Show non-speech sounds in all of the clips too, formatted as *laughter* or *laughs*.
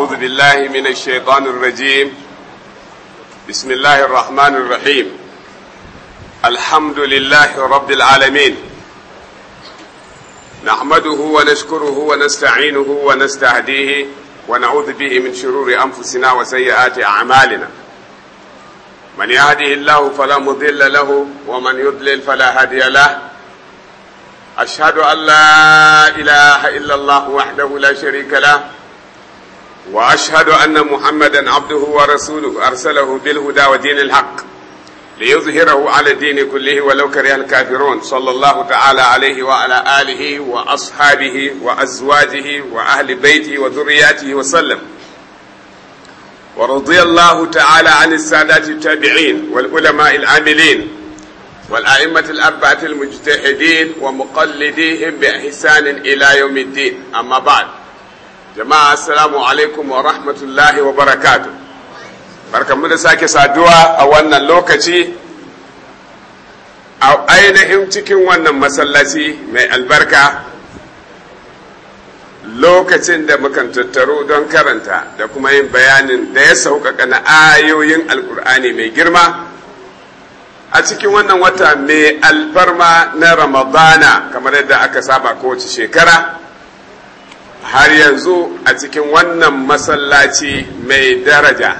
أعوذ بالله من الشيطان الرجيم بسم الله الرحمن الرحيم الحمد لله رب العالمين نحمده ونشكره ونستعينه ونستهديه ونعوذ به من شرور أنفسنا وسيئات أعمالنا من يهده الله فلا مضل له ومن يضلل فلا هادي له أشهد أن لا إله إلا الله وحده لا شريك له واشهد ان محمدا عبده ورسوله ارسله بالهدى ودين الحق ليظهره على الدين كله ولو كره الكافرون صلى الله تعالى عليه وعلى اله واصحابه وازواجه واهل بيته وذرياته وسلم ورضي الله تعالى عن السادات التابعين والعلماء العاملين والأئمة الأربعة المجتهدين ومقلديهم بإحسان إلى يوم الدين أما بعد jama'a assalamu alaikum wa rahmatullahi wa barakatu barkamu da sake saduwa a wannan lokaci a ainihin cikin wannan masallaci mai albarka lokacin da mukan tattaro don karanta da kuma yin bayanin da ya sauƙaƙa na ayoyin alkur'ani mai girma a cikin wannan wata mai alfarma na ramadana kamar yadda aka saba kowace shekara har yanzu a cikin wannan masallaci mai daraja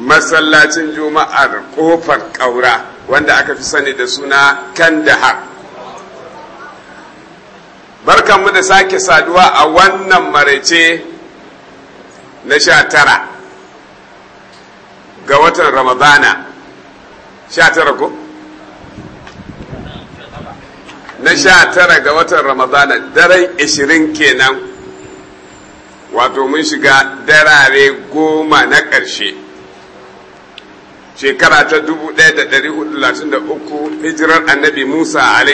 masallacin juma'ar kofar ƙaura wanda aka fi sani da suna kandahar barkanmu da sake saduwa a wannan maraice na sha tara ga watan ramadana sha tara ko? na sha tara ga watan ramadana daren ishirin kenan wato mun shiga darare goma na ƙarshe shekara ta 1433 hijirar annabi musa *laughs*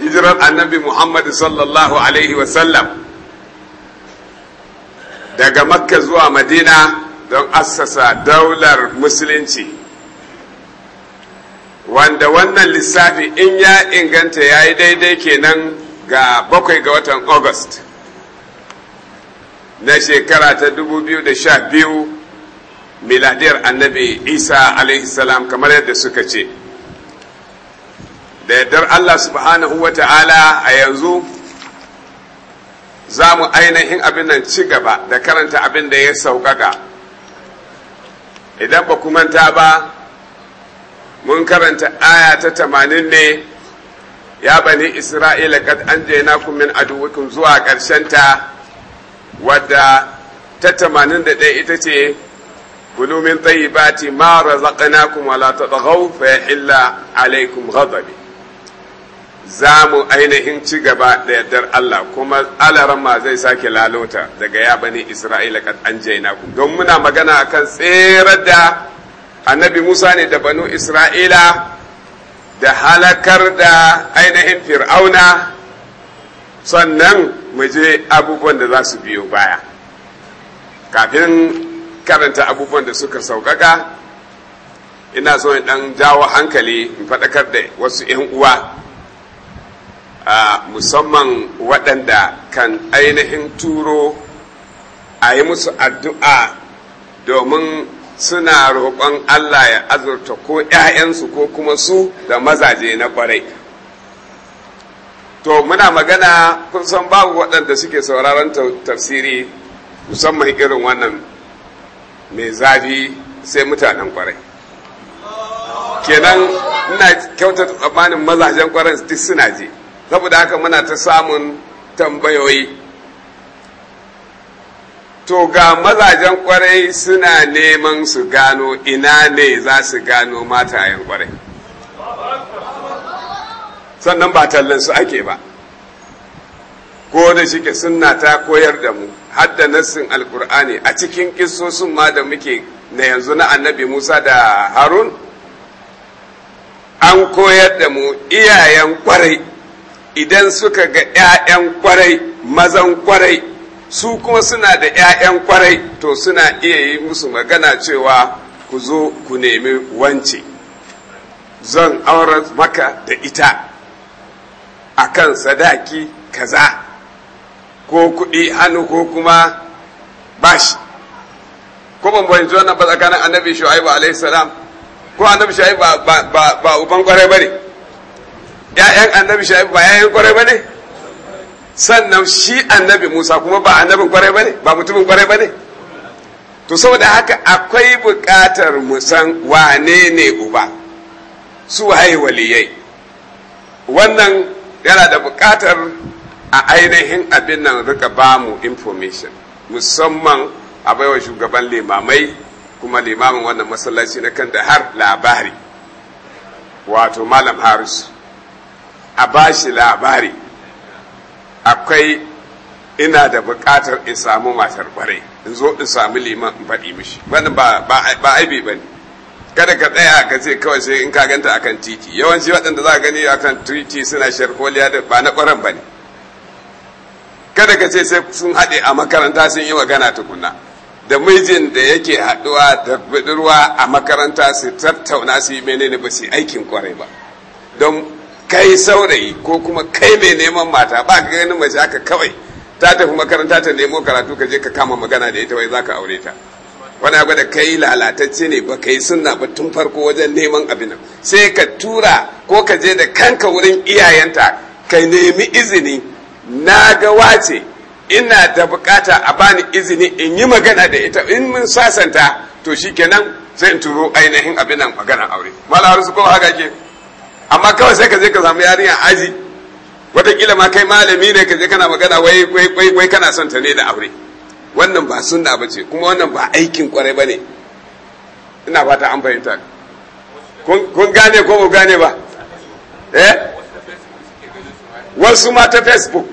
hijirar annabi muhammadu sallallahu alaihi wasallam daga makka zuwa madina don assasa daular musulunci wanda wannan lissafi in ya inganta ya yi daidai kenan ga bakwai ga watan august na shekara ta 2012 miladiyar annabi isa alaihissalam kamar yadda suka ce da yardar allah subhanahu wa ta'ala a yanzu za mu ainihin abin nan ci gaba da karanta abin da ya sauƙaƙa idan ba kuma manta ba mun karanta aya ta tamanin ne ya bani isra'ila kad an jaina min aduwikum zuwa ta wadda ta tamanin da ɗaya ita ce ba ti mara zaƙa na kuma lata ɗagau fa illa alaikum ghadabi za mu ainihin ci gaba da yardar Allah kuma alaran ma zai sake lalota daga ya bani isra'ila kad an jaina don muna magana a kan tserar da annabi Musa ne da banu Isra'ila da halakar da ainihin fir'auna sannan muje abubuwan da za su biyo baya kafin karanta abubuwan da suka sauƙaƙa ina so in ɗan jawo hankali in faɗakar da wasu 'yan uwa musamman waɗanda kan ainihin turo a yi musu addu'a domin suna roƙon Allah ya azurta ko ‘ya'yansu ko kuma su da mazaje na ƙwarai. To, muna magana kun san babu waɗanda suke sauraron tafsiri musamman irin wannan mai zafi sai mutanen ƙwarai. Kenan ina kyauta tsammanin mazajen ƙwarai duk suna je, saboda haka muna ta samun tambayoyi. to ga mazajen kwarai suna neman su gano ina ne za su gano matayen kwarai sannan ba tallan su ake ba ko da shike sunna ta koyar da mu har da nassin alkur'ani a cikin sun ma da muke na yanzu na annabi musa da harun an koyar da mu iyayen kwarai idan suka ga 'ya'yan kwarai mazan kwarai su kuma suna da 'ya'yan kwarai to suna iya yi musu magana cewa ku zo ku nemi wance zan auren maka da ita a kan sadaki kaza ko kuɗi hannu ko kuma bashi ko ban bayanci wannan ba tsakanin annabi shu'aibu alaihi salam ko annabi shu'aibu ba uban kwarai bane 'ya'yan annabi shu'aibu ba 'ya'yan kwarai bane sannan shi annabi musa kuma ba annabin kwarai ba ne ba mutumin kwarai ba ne to saboda haka akwai buƙatar musan wane ne uba su waye waliyai wannan yana da bukatar a ainihin abin nan rika ba mu information musamman a baiwa shugaban limamai kuma limamin wannan masallaci na kan da har labari wato malam harisu a bashi labari akwai ina da buƙatar in samu matar ƙwarai in zo in samu liman in faɗi mishi wannan ba aibi ba ne kada ka tsaya ka ce kawai sai in ka ganta akan titi yawanci waɗanda za ka gani akan titi suna sharkoliya da ba na ƙwaran ba ne kada ka ce sai sun haɗe a makaranta sun yi magana tukuna da mijin da yake haɗuwa da budurwa a makaranta su tattauna su yi menene ba su aikin ƙwarai ba don kai saurayi ko kuma kai mai neman mata ba ka ganin mace haka kawai ta tafi makaranta ta nemo karatu ka je ka kama magana da ita wai za ka aure ta wani abu da kai lalatacce ne ba kai sunna ba tun farko wajen neman abin sai ka tura ko ka je da kanka wurin iyayenta ka nemi izini na ga wace ina da bukata a bani izini in yi magana da ita in mun sasanta to shikenan kenan zai turo ainihin abin nan magana aure malaru su ko haka ke amma kawai sai ka je ka samu yarinya aji watakila ma kai malami ne ka je kana magana wai wai wai kana son ta ne da aure wannan ba sunna ba ce kuma wannan ba aikin kwarai ba ne ina fata an fahimta kun gane ko gane ba eh wasu ma ta facebook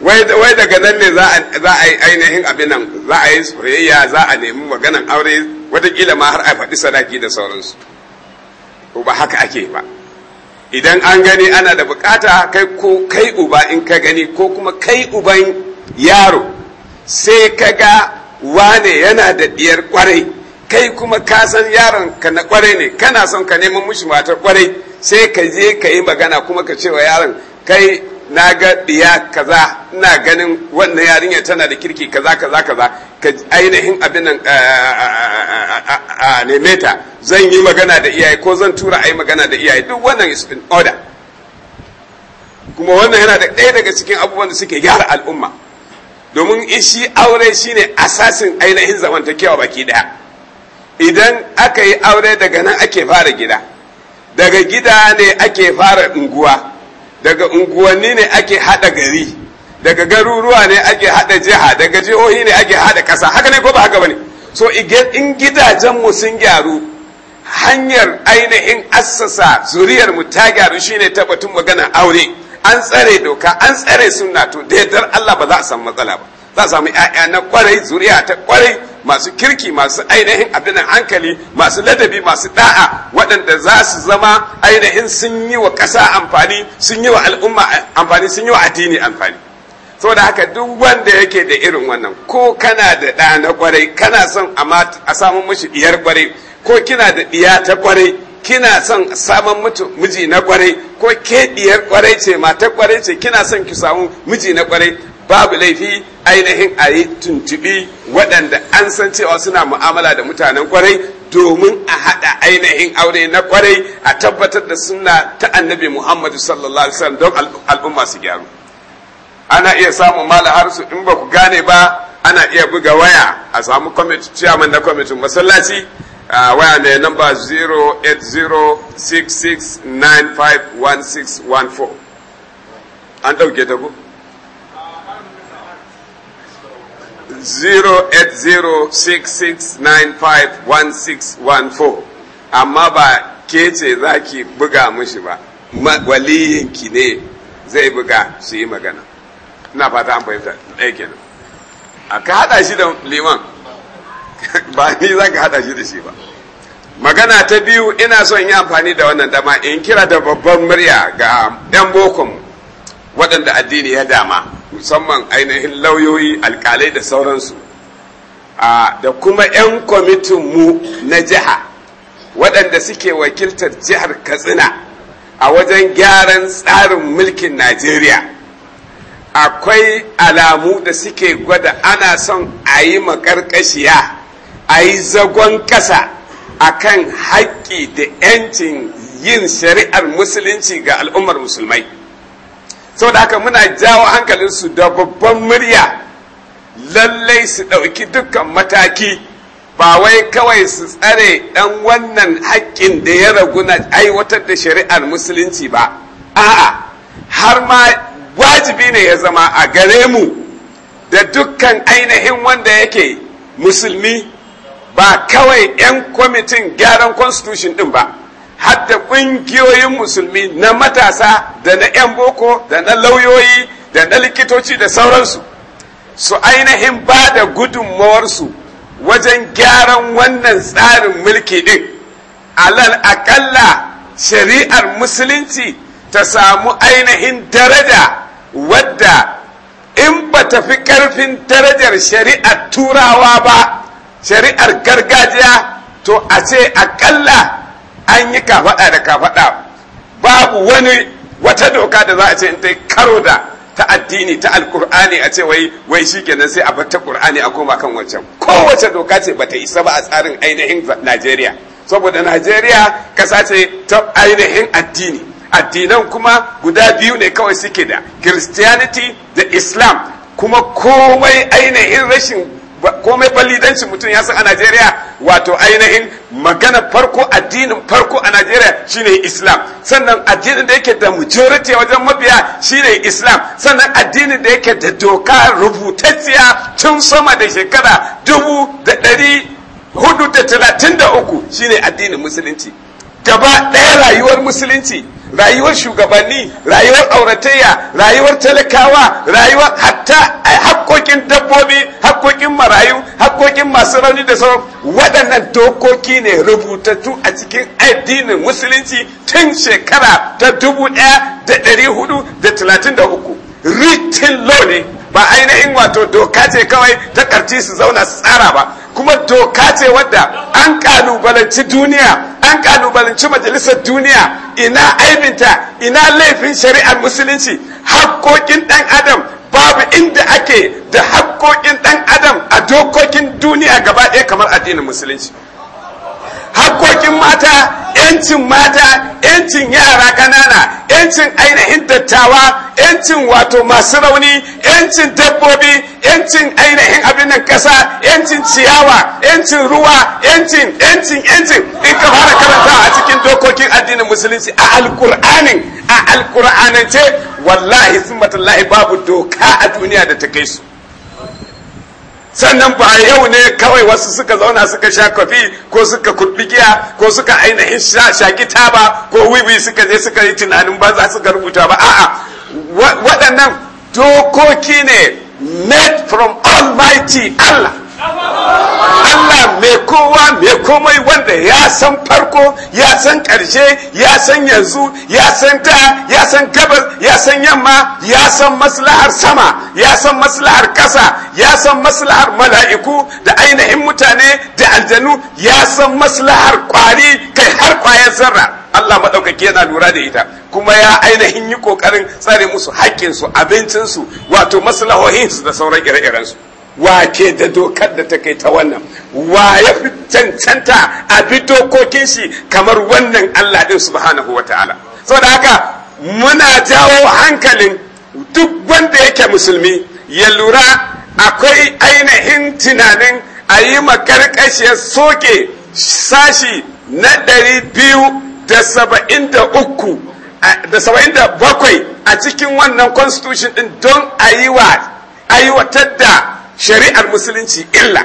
wai daga nan ne za a yi ainihin abin nan za a yi soyayya za a nemi maganan aure watakila ma har a faɗi sadaki da sauransu ba haka ake ba idan an gani ana da bukata kai ko kai uba in ka gani ko kuma kai uban yaro sai ka ga wane yana da diyar kwarai kai kuma ka san yaron ka na kwarai ne kana son ka neman mushi matar kwarai sai ka je ka yi magana kuma ka ce wa yaron kai na ga diya kaza ina ganin wannan yarinya tana da kirki kaza kaza kaza ka ainihin abin nan a zan yi magana da iyaye ko zan tura a yi magana da iyaye duk wannan is in order kuma wannan yana da ɗaya daga cikin abubuwan da suke gyara al'umma domin shi aure shine asasin ainihin zamantakewa baki daya idan aka yi aure daga nan ake fara gida daga gida ne ake fara unguwa daga unguwanni ne ake hada gari daga garuruwa ne ake hada jiha daga jihohi ne ake hada kasa haka ne ko ba haka bane so in gidajenmu sun gyaru hanyar ainihin assasa zuriyar mu ta gyaru shine tabbatun magana aure an tsare doka an tsare sunna to da Allah ba za a samu matsala ba za a samu ƴaƴa na kwarai zuriya ta kwarai masu kirki masu ainihin abin hankali masu ladabi masu da'a waɗanda za su zama ainihin sun yi wa ƙasa amfani sun yi wa al'umma amfani sun yi wa addini amfani saboda haka duk wanda yake da irin wannan ko kana da ɗa na kwarai kana son a samun mashi ɗiyar kwarai ko kina da ɗiya ta kwarai kina son samun mutu miji na kwarai ko ke diyar kwarai ce mata kwarai ce kina son ki samu miji na kwarai babu laifi ainihin a yi tuntuɓi waɗanda an san cewa suna mu'amala da mutanen kwarai domin a haɗa ainihin aure na kwarai a tabbatar da suna ta annabi muhammadu sallallahu alaihi wasallam don al'umma su gyaru ana iya samun mala harsu in ba ku gane ba ana iya buga waya a samu ciyaman na kwamitin masallaci waya mai namba 08066951614 an ɗauke ta ku 08066951614 amma ba ke ce za ki buga mushi ba waliyinki ne zai buga su yi magana na fata an fahimta ɗaya kenan a ka haɗa shi da liman *laughs* ba ni za ka haɗa shi da shi ba magana ta biyu ina son yi amfani da wannan dama in kira da babban murya ga ɗan bokonmu waɗanda addini ya dama musamman ainihin lauyoyi alƙalai da sauransu da kuma 'yan kwamitinmu na jiha waɗanda suke wakiltar jihar katsina a wajen gyaran tsarin mulkin najeriya akwai alamu da suke gwada ana son a yi makarkashiya a yi zagon ƙasa a kan haƙƙi da 'yancin yin shari'ar musulunci ga al'ummar musulmai saboda haka muna jawo hankalinsu da babban murya lallai su ɗauki dukkan mataki ba wai kawai su tsare ɗan wannan haƙƙin da ya ragu na aiwatar da shari'ar musulunci ba a'a har ma wajibi ne ya zama a gare mu da dukkan ainihin wanda yake musulmi ba kawai 'yan kwamitin gyaran constitution din ba hadda ƙungiyoyin musulmi na matasa da na 'yan boko da na lauyoyi da na likitoci da sauransu su ainihin ba da gudunmawarsu wajen gyaran wannan tsarin mulki din. alal akalla shari'ar musulunci ta samu ainihin daraja wadda in ba ta fi ƙarfin darajar shari'ar turawa ba shari'ar gargajiya to a ce akalla an yi kafaɗa da kafaɗa babu wani wata doka da za a ce in ta karo da ta addini ta alkur'ani a ce wai wai shikenan sai a bar ta qur'ani a koma kan wancan kowace doka ce bata isa ba a tsarin ainihin Najeriya saboda Najeriya kasa ce ta ainihin addini addinan kuma guda biyu ne kawai suke da Christianity da Islam kuma komai ainihin rashin komai ballidanci mutum ya san a Najeriya wato ainihin magana farko addinin farko a Najeriya shine Islam sannan addinin da yake da majority wajen mabiya shine Islam sannan addinin da yake da doka rubutacciya tun sama da shekara dubu da ɗari hudu da talatin da uku shine addinin musulunci gaba ɗaya rayuwar musulunci rayuwar shugabanni rayuwar auratayya rayuwar talakawa rayuwar hatta eh, hakkokin dabbobi hakkokin marayu hakkokin masu rauni da sauran waɗannan dokoki ne rubutattu a cikin addinin musulunci tun shekara ta dubu ɗaya da ɗari hudu da talatin da uku ritin law ne ba ainihin wato doka ce kawai ta karci su zauna su tsara ba kuma doka ce wadda an kalubalanci duniya an kalubalanci majalisar duniya ina aibinta ina laifin shari'ar musulunci haƙoƙin ɗan adam babu inda ake da haƙoƙin ɗan adam a dokokin duniya gaba ɗaya kamar addinin musulunci hakkokin mata yancin mata yancin yara ƙanana yancin ainihin dattawa yancin wato masu rauni yancin dabbobi yancin ainihin abin nan ƙasa yancin ciyawa yancin ruwa yancin yancin yancin in ka fara karanta a cikin dokokin addinin musulunci a alkur'anin, a alkur'anance wallahi sun babu doka a duniya da ta kai su sannan ba yau ne kawai wasu suka zauna suka sha kwafi ko suka kurbi giya ko suka ainihin shaki taba ko wiwi suka je suka yi tunanin ba za suka rubuta ba a'a waɗannan dokoki ne made from almighty Allah Allah mai kowa mai komai wanda ya san farko ya san ƙarshe ya san yanzu ya san da ya san gabas ya san yamma ya san maslahar sama ya san maslahar ƙasa ya san maslahar mala'iku da ainihin mutane da aljanu ya san maslahar kwari kai har kwayar zarra Allah maɗaukaki yana lura da ita kuma ya ainihin yi ƙoƙarin tsare musu haƙƙinsu abincinsu wato maslahohinsu da sauran ire-irensu. wake da dokar da ta kai ta wannan wa ya fi cancanta a bi dokokin shi kamar wannan Allah din subhanahu wa sau saboda haka muna jawo hankalin duk wanda yake musulmi ya lura akwai ainihin tunanin a yi makarƙashiyar soke sashi na ɗari biyu da saba'in da uku da saba'in da bakwai a cikin wannan constitution din don a yi wa aiwatar da shari'ar musulunci illa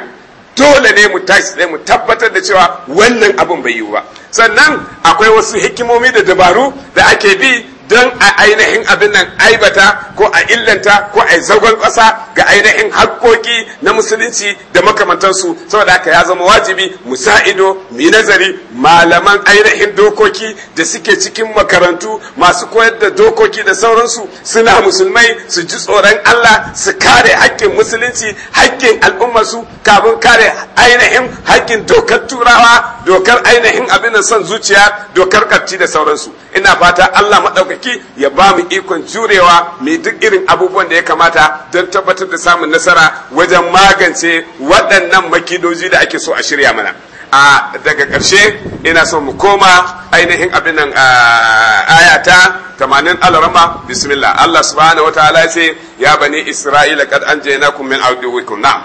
dole ne mu tashi sai mu tabbatar da cewa wannan abin bai yiwu ba sannan akwai wasu hikimomi da dabaru da ake bi don a ainihin abin nan aibata ko a illanta ko a zagon ƙasa ga ainihin hakkoki na musulunci da makamantansu saboda haka ya zama wajibi mu sa ido mu nazari malaman ainihin dokoki da suke cikin makarantu masu koyar da dokoki da sauransu suna musulmai su ji tsoron Allah su kare haƙƙin musulunci haƙƙin al'ummarsu kafin kare ainihin haƙƙin dokar turawa dokar ainihin abin da son zuciya dokar ƙarci da sauransu ina fata Allah maɗaukaki ya ba mu ikon jurewa mai duk irin abubuwan da ya kamata don tabbatar da samun nasara wajen magance waɗannan makidoji da ake so a shirya mana a daga ƙarshe ina son mu koma ainihin abin nan ayata tamanin alarama bismillah Allah subhanahu wa ta'ala ya ya bani isra'ila kad an je na anjaynakum min ardikum na'am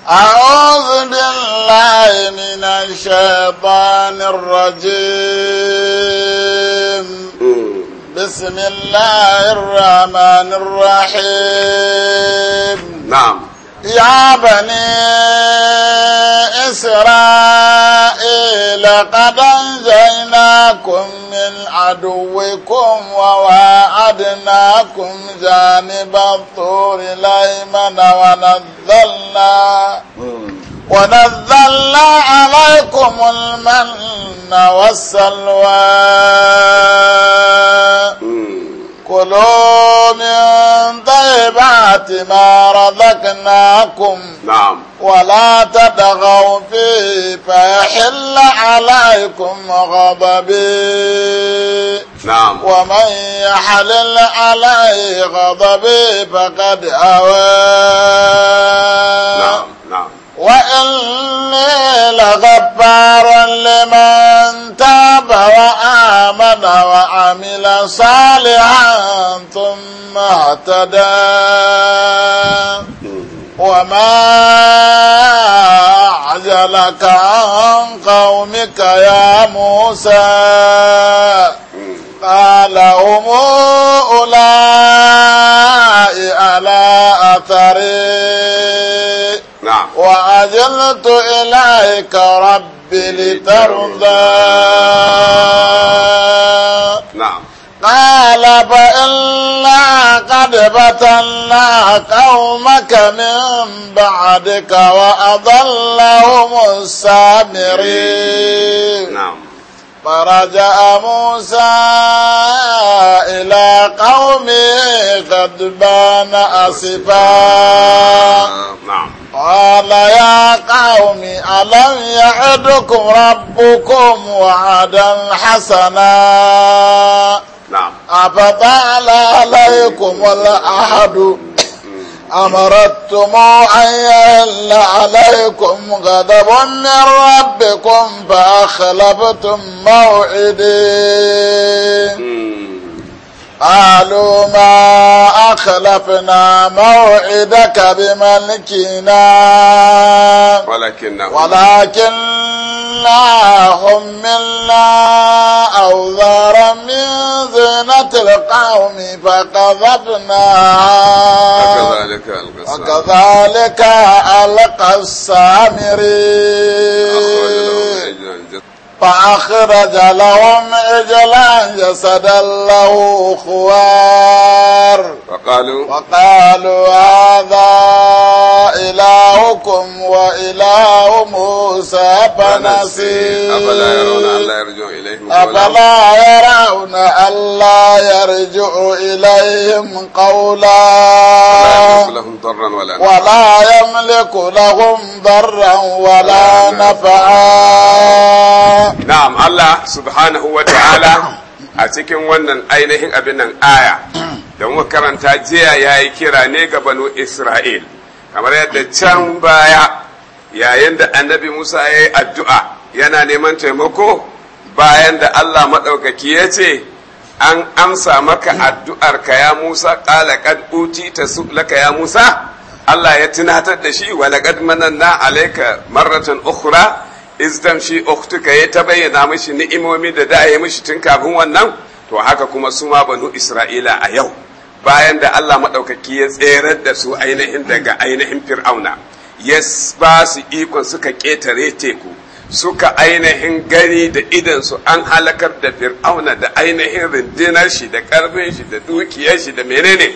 أعوذ بالله من الشيطان الرجيم بسم الله الرحمن الرحيم نعم يا بني إسرائيل قد أنزلناكم من عدوكم وواعدناكم جانب الطور الأيمن ونزلنا ونزلنا عليكم المن والسلوى كلوا من طيبات ما رزقناكم نعم ولا تبغوا فيه فيحل عليكم غضبي نعم ومن يحلل عليه غضبي فقد أوى نعم نعم وإني لغفار لمن تاب وآمن وعمل صالحا ثم اهتدى وما أعجلك عن قومك يا موسى قال هم أولئك على أثري عجلت إليك رب لترضى نعم قال فإلا قد بتنا قومك من بعدك وأضلهم السامرين نعم فرجع موسى إلى قومه غضبان أسفا نعم قال يا قوم ألم يعدكم ربكم وعدا حسنا نعم أفطال عليكم الأحد أمرتم أن يهل عليكم غضب من ربكم فأخلفتم موعدي قالوا ما أخلفنا موعدك بملكنا ولكننا ولكننا حملنا أوذر من زنة القوم فقذفنا وكذلك ألقى وكذلك فأخرج لهم عجلا جسدا له خوار فقالوا فقالوا هذا إلى إلهكم وإله موسى فنسي أفلا يرون ألا يرجع إليهم أفلا يرون ألا يرجع إليهم قولا ولا يملك لهم ضرا ولا نفعا نعم الله سبحانه وتعالى a cikin wannan ainihin abin nan aya da muka karanta jiya ya yi kira ne ga banu Isra'il kamar yadda can baya yayin da annabi musa ya yi addu'a yana neman taimako bayan da allah maɗaukaki ya ce an amsa maka addu'ar ka ya musa ƙala uti ta laka ya musa allah ya tunatar da shi wa laqad mananna alaika marratan ukhra iz shi ukhtuka ya bayyana mashi ni'imomi da da ya mishi tun kafin wannan to haka kuma su suma banu isra'ila a yau bayan da Allah maɗaukaki ya tserar da su ainihin daga ainihin fir'auna ya ba su ikon suka ƙetare teku suka ainihin gani da idansu an halakar da fir'auna da ainihin rundunar shi da ƙarfin shi da dukiyar shi da menene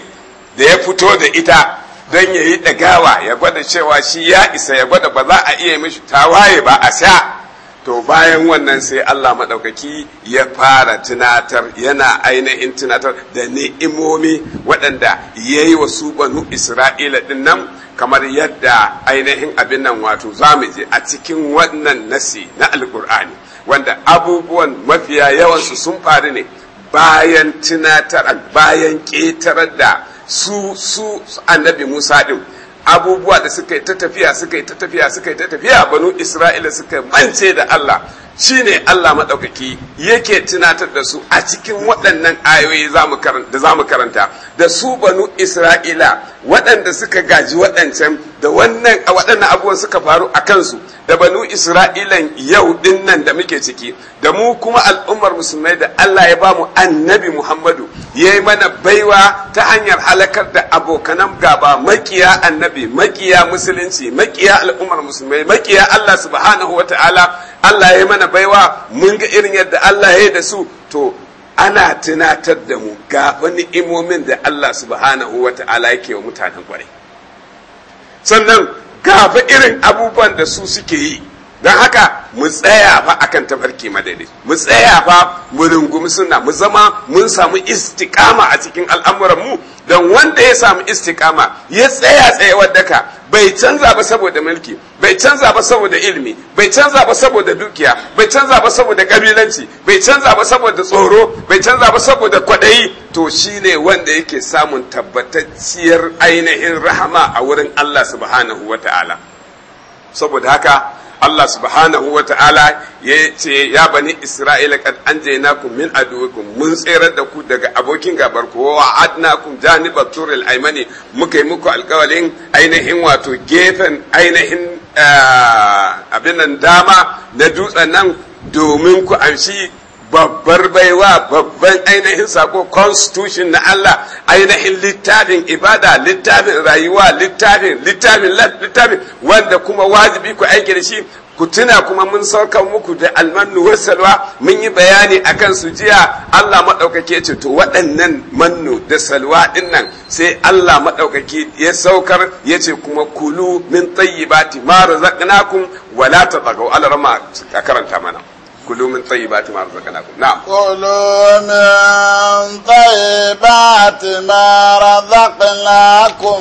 da ya fito da ita don ya yi ɗagawa ya gwada cewa shi ya isa ya gwada ba za a iya mishi tawaye ba a sha to bayan wannan sai Allah maɗaukaki ya fara tunatar yana ainihin tunatar da ni'imomi waɗanda ya yi wa su banu isra'ila ɗin nan kamar yadda ainihin abin nan wato za mu je a cikin wannan nasi na alkur'ani wanda abubuwan mafiya yawansu sun faru ne bayan tunatar bayan ƙetarar da su su annabi musa ɗin abubuwa da suka yi ta tafiya suka yi ta tafiya suka yi ta tafiya banu isra'ila suka mance da allah shine allah maɗaukaki yake tunatar da su a cikin waɗannan ayoyi da za mu karanta da su banu isra'ila waɗanda suka gaji waɗancan da wannan waɗannan abubuwan suka faru a kansu da banu isra'ilan yau ɗin nan da muke ciki da mu kuma al'ummar musulmai da allah ya bamu annabi muhammadu ya yi mana baiwa ta hanyar halakar da abokanan gaba makiya annabi makiya musulunci makiya al'ummar musulmai makiya allah subhanahu wa ta'ala allah ya yi mana baiwa mun ga irin yadda allah ya yi da su to ana tunatar da mu gafa ni'imomin da Allah subhanahu wa ta'ala yake wa mutanen kwarai sannan gafa irin abubuwan da su suke yi don haka mu tsaya fa akan tafarki madadi mu tsaya fa mu rungumi suna mu zama mun samu istikama a cikin al'amuran mu don wanda ya samu istikama ya tsaya tsayawar daka bai canza ba saboda mulki bai canza ba saboda ilimi bai canza ba saboda dukiya bai canza ba saboda kabilanci bai canza ba saboda tsoro bai canza ba saboda kwaɗayi to shine wanda yake samun tabbatacciyar ainihin rahama a wurin Allah subhanahu wataala saboda haka Allah subhanahu wa ta'ala ya ce ya bani Isra'ila kad an jaina ku min aduwikum mun tserar da ku daga abokin gabar ku wa adna ku janibat turil aimani muka yi muku alkawalin ainihin wato gefen ainihin eh, abin nan dama na dutsen nan domin ku amshi babbar baiwa babban ainihin sako constitution na Allah ainihin littafin ibada littafin rayuwa littafin littafin littafin wanda kuma wajibi ku aiki da shi ku tuna kuma mun sauka muku da almannu wasalwa mun yi bayani akan su jiya Allah maɗaukake ce to waɗannan mannu da salwa ɗin sai Allah maɗaukake ya saukar yace kuma kulu min tayyibati ma razaqnakum wala tsagau alarma ka karanta mana كلوا من طيبات ما رزقناكم نعم كلوا من طيبات ما رزقناكم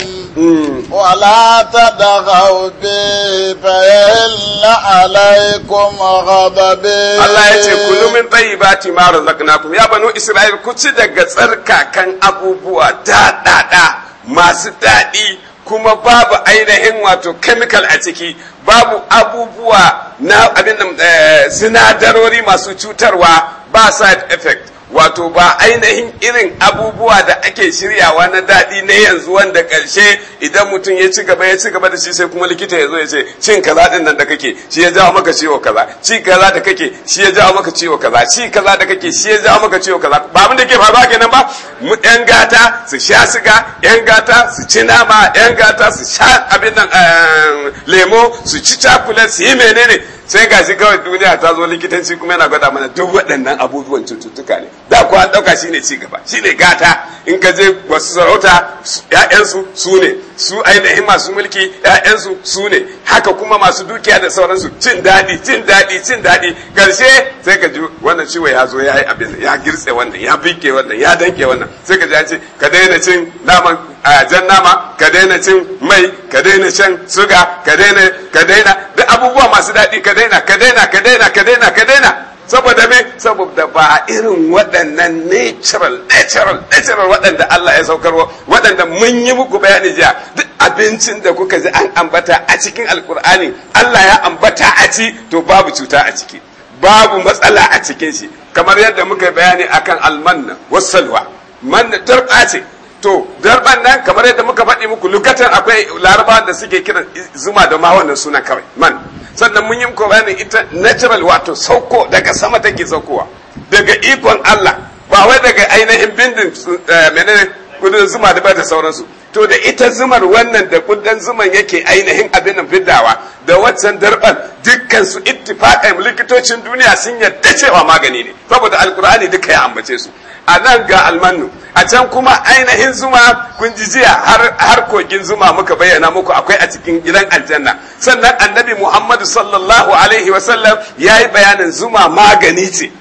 ولا تدغوا به فإلا عليكم غضبي الله يقول كلوا من طيبات ما رزقناكم يا بنو إسرائيل كتشي دقا تركا كان أبو بوا دا دا دا ما ستادي kuma babu ainihin wato chemical a ciki babu abubuwa na abin eh, masu cutarwa ba side effect wato ba ainihin irin abubuwa da ake shiryawa na daɗi na yanzu wanda ƙarshe idan mutum ya ci gaba ya ci gaba da shi sai kuma likita ya zo ya ce cin kaza ɗin nan da kake shi ya jawo maka ciwo kaza ci kaza da kake shi ya jawo maka ciwo kaza ci kaza da kake shi ya jawo maka ciwo kaza ba abin da ke faruwa kenan ba mu ɗan gata su sha siga ɗan gata su ci nama ɗan gata su sha abin nan eh, lemo su ci cakulet su yi menene sai shi kawai duniya ta zo likitanci kuma yana gwada mana duk waɗannan abubuwan cututtuka ne da kuwa an ɗauka shine cigaba gaba shine gata in ka je wasu sarauta 'ya'yansu su ne su ainihin masu mulki ‘ya'yansu su ne haka kuma masu dukiya da sauransu cin daɗi cin daɗi cin daɗi ƙarshe sai ka ji wannan ciwo ya zo ya yi abin ya girtse wannan ya binke wannan ya danke wannan sai ka ji an ce ka daina cin naman a jan nama ka daina cin mai ka daina shan suga ka daina ka daina duk abubuwa masu daɗi ka daina ka daina ka daina ka daina ka daina saboda me saboda ba irin waɗannan natural natural natural waɗanda Allah ya saukar waɗanda mun yi muku bayani jiya duk abincin da kuka ji an ambata a cikin alkur'ani Allah ya ambata a ci to babu cuta a ciki babu matsala a cikin shi kamar yadda muka bayani akan almanna wasalwa manna turba ce to darban nan kamar yadda muka faɗi muku lukatan akwai laraba da suke kiran zuma da ma wannan sunan kawai man sannan mun yi muku ita natural wato sauko daga sama take saukowa daga ikon Allah ba wai daga ainihin bindin eh, menene kudin zuma da bata sauransu to da ita zumar wannan da kudin zuman yake ainihin abin nan fiddawa da waccan darban dukkan su ittifaqan likitocin duniya sun yadda cewa magani ne saboda alkur'ani duka ya ambace su a nan ga almanu a can kuma ainihin zuma kun ji jiya har kogin zuma muka bayyana muku akwai a cikin gidan aljanna sannan annabi muhammadu sallallahu alaihi wasallam ya yi bayanin zuma magani ce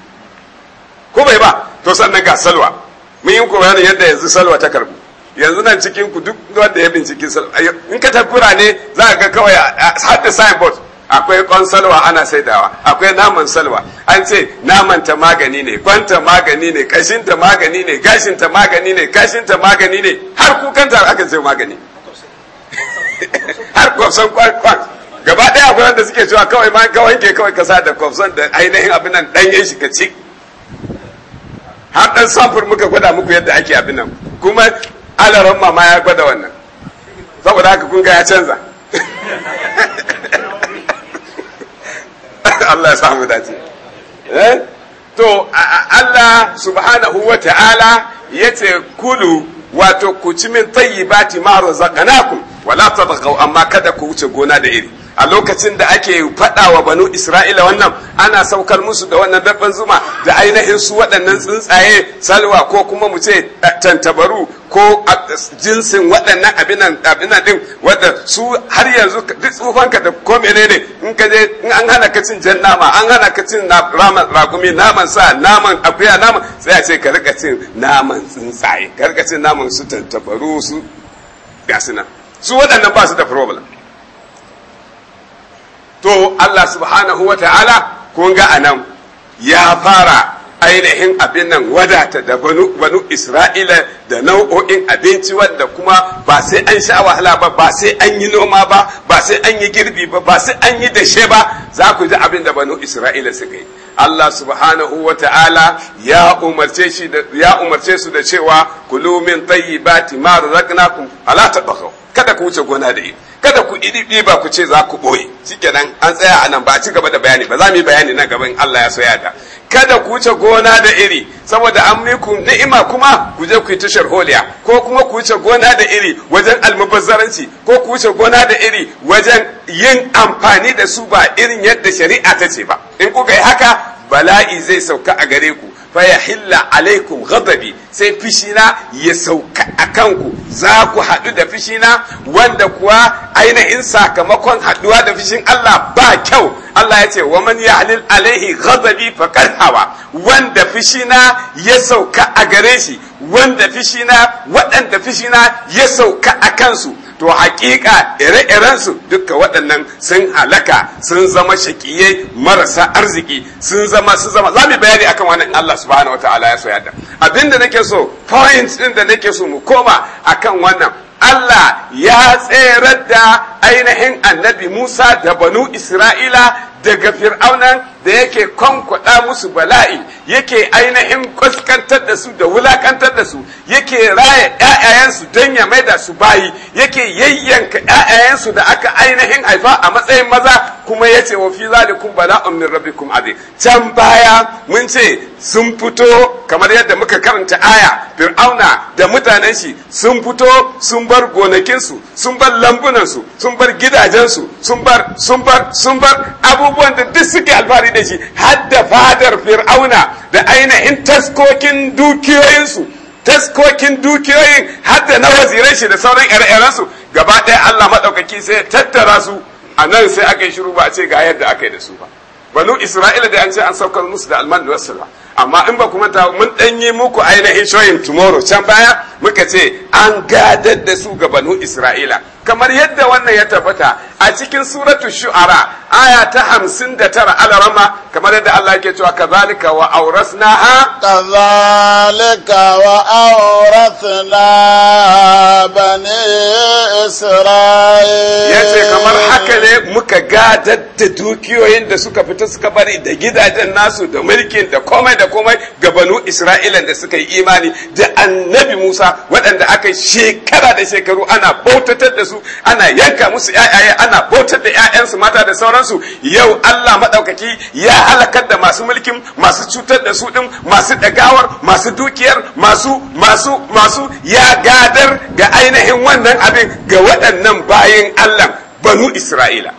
ko bai ba to sannan ga salwa mun yi ku bayanin yadda yanzu salwa ta karbu yanzu nan cikin ku duk wanda ya binciki salwa in ka kura ne za ka ga kawai har da signboard akwai kwan salwa ana saidawa akwai naman salwa an ce naman ta magani ne kwanta magani ne ta magani ne gashin ta magani ne ta magani ne har ta aka ce magani har kwafsan kwan gaba daya akwai wanda suke cewa kawai ma ka wanke kawai ka sa da kwafsan da ainihin abin nan yin shi ka ci har dan samfur muka gwada muku yadda ake abin nan kuma alaran mama ya gwada wannan saboda haka kun ga ya canza *laughs* *laughs* Allah ya samu dace eh? to Allah subhanahu wa ta'ala yace kulu wato ku ci min tayyibati ma razaqnakum wala tadghaw amma kada ku wuce gona da iri a lokacin da ake fada wa banu isra'ila wannan ana saukar musu da wannan dabban zuma da ainihin su waɗannan tsuntsaye salwa ko kuma mu ce eh, tantabaru ko ah, jinsin waɗannan abinan abinan din wadda su har yanzu duk tsufanka da ko menene in ka je in an hana ka cin jan nama an hana ka cin raman ragumi naman sa naman akuya naman sai a ce ka rika cin naman tsuntsaye ka rika cin naman su tantabaru su gasu nan su waɗannan ba su da problem to Allah subhanahu wa ta'ala kun ga a nan ya fara ainihin abin nan wadata da banu isra'ila da nau'o'in abinci wanda kuma ba sai an sha wahala ba ba sai an yi noma ba ba sai an yi girbi ba ba sai an yi dashe ba za ku ji abin da banu isra'ila suka yi Allah subhanahu wa ta'ala ya umarce su da cewa kulumin min tayyibati ma ala taɓa kada ku wuce gona da ita kada ku ɗiɗi ba ku ce za ku boye shikenan an tsaya a nan ba ci gaba da bayani ba za mu yi bayani na gaban Allah ya soya da kada ku wuce gona da iri saboda an ku ni'ima kuma ku je ku yi tashar holiya ko kuma ku wuce gona da iri wajen almubazzaranci ko ku wuce gona da iri wajen yin amfani da su ba irin yadda shari'a ta ce ba in ku yi haka bala'i zai sauka a gare ku fayahilla alaikum ghadabi sai fishina ya sauka a kanku za ku haɗu da fishina wanda kuwa ainihin sakamakon haɗuwa da fishin Allah ba kyau Allah ya ce wa man yahlil alaihi ghadabi faqad hawa wanda fishina ya sauka a gare shi wanda fishina waɗanda fishina ya sauka a kansu to hakika ire iren su duka waɗannan sun halaka sun zama shakiye marasa arziki sun zama sun zama za mu bayani akan wannan Allah subhanahu wataala ya so yadda abinda nake so point din da nake so mu koma akan wannan Allah ya tserar da ainihin annabi Musa da banu Isra'ila daga fir'aunan da yake kwankwada musu bala'i yake ainihin kwaskantar da su da wulakantar da su yake raya ‘ya'yayensu don ya da su bayi yake yayyanka ‘ya'yayensu da aka ainihin haifa a matsayin maza kuma ya ce wa fi zalikun bala'un min rabbikum azim can baya mun ce sun fito kamar yadda muka karanta aya fir'auna da mutanen shi sun fito sun bar gonakinsu sun bar lambunansu sun bar gidajensu sun bar sun bar sun bar abubuwan da duk suke alfahari da shi har fadar fir'auna da ainihin taskokin dukiyoyinsu taskokin dukiyoyin har na wazirai shi da sauran yare-yarensu gaba ɗaya Allah maɗaukaki sai ya tattara su a nan sai aka yi shiru ba a ce ga yadda aka yi da su ba banu isra'ila da an ce an saukar musu da almanu wasu amma in ba kuma ta mun dan yi muku ainihin shoyin tomorrow can baya muka ce an gadar da su ga banu isra'ila kamar yadda wannan ya tabbata a cikin suratu shu'ara aya ta hamsin da tara alarama kamar yadda Allah ke cewa kazalika wa auras na ha kazalika wa auras aurasna bani isra'il yace kamar haka ne muka gadar da dukiyoyin da suka fita suka bari da gidajen nasu da mulkin da komai da komai ga banu isra'ila da suka yi imani da annabi Musa waɗanda aka shekara da shekaru ana bautatar da su su ana yanka musu ƴaƴaye ana bautar da 'yayansu mata da sauransu yau Allah madaukaki ya halakar da masu mulkin masu cutar da su din masu dagawar masu dukiyar masu masu masu ya gadar ga ainihin wannan abin ga waɗannan bayin Allah banu Isra'ila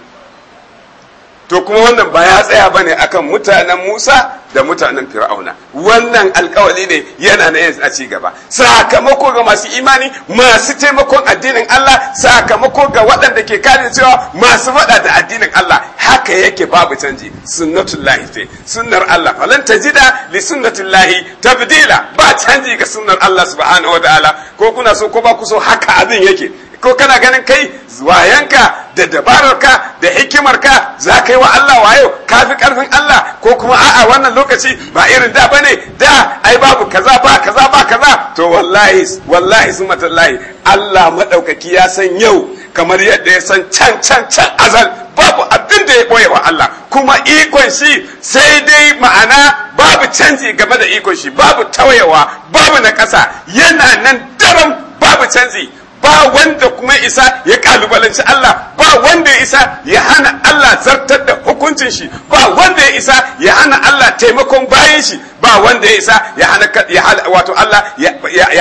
to kuma wannan ba ya tsaya bane akan mutanen Musa da mutanen fir'auna wannan alkawali ne yana na yanzu a ci gaba sakamako ga masu imani masu taimakon addinin Allah sakamako ga waɗanda ke kare cewa masu faɗa da addinin Allah haka yake babu canji sunnatullah ce sunnar Allah falan tajida li sunnatullah tabdila ba canji ga sunnar Allah subhanahu wa ta'ala ko kuna so ko ba ku so haka abin yake ko kana ganin kai wayanka da dabararka da hikimarka za ka yi wa Allah wayo ka fi karfin Allah ko kuma a'a wannan lokaci ba irin da bane da ai babu kaza ba kaza ba kaza to wallahi wallahi summa tallahi Allah madaukaki ya san yau kamar yadda ya san can can can azal babu abin da ya boye wa Allah kuma ikon shi sai dai ma'ana babu canji game da ikon shi babu tawayewa babu na kasa yana nan daram babu canji ba wanda kuma isa ya kalubalanci Allah ba wanda ya isa ya hana Allah zartar da hukuncin shi ba wanda ya isa ya hana Allah taimakon bayan shi ba wanda ya isa ya hana ya wato Allah ya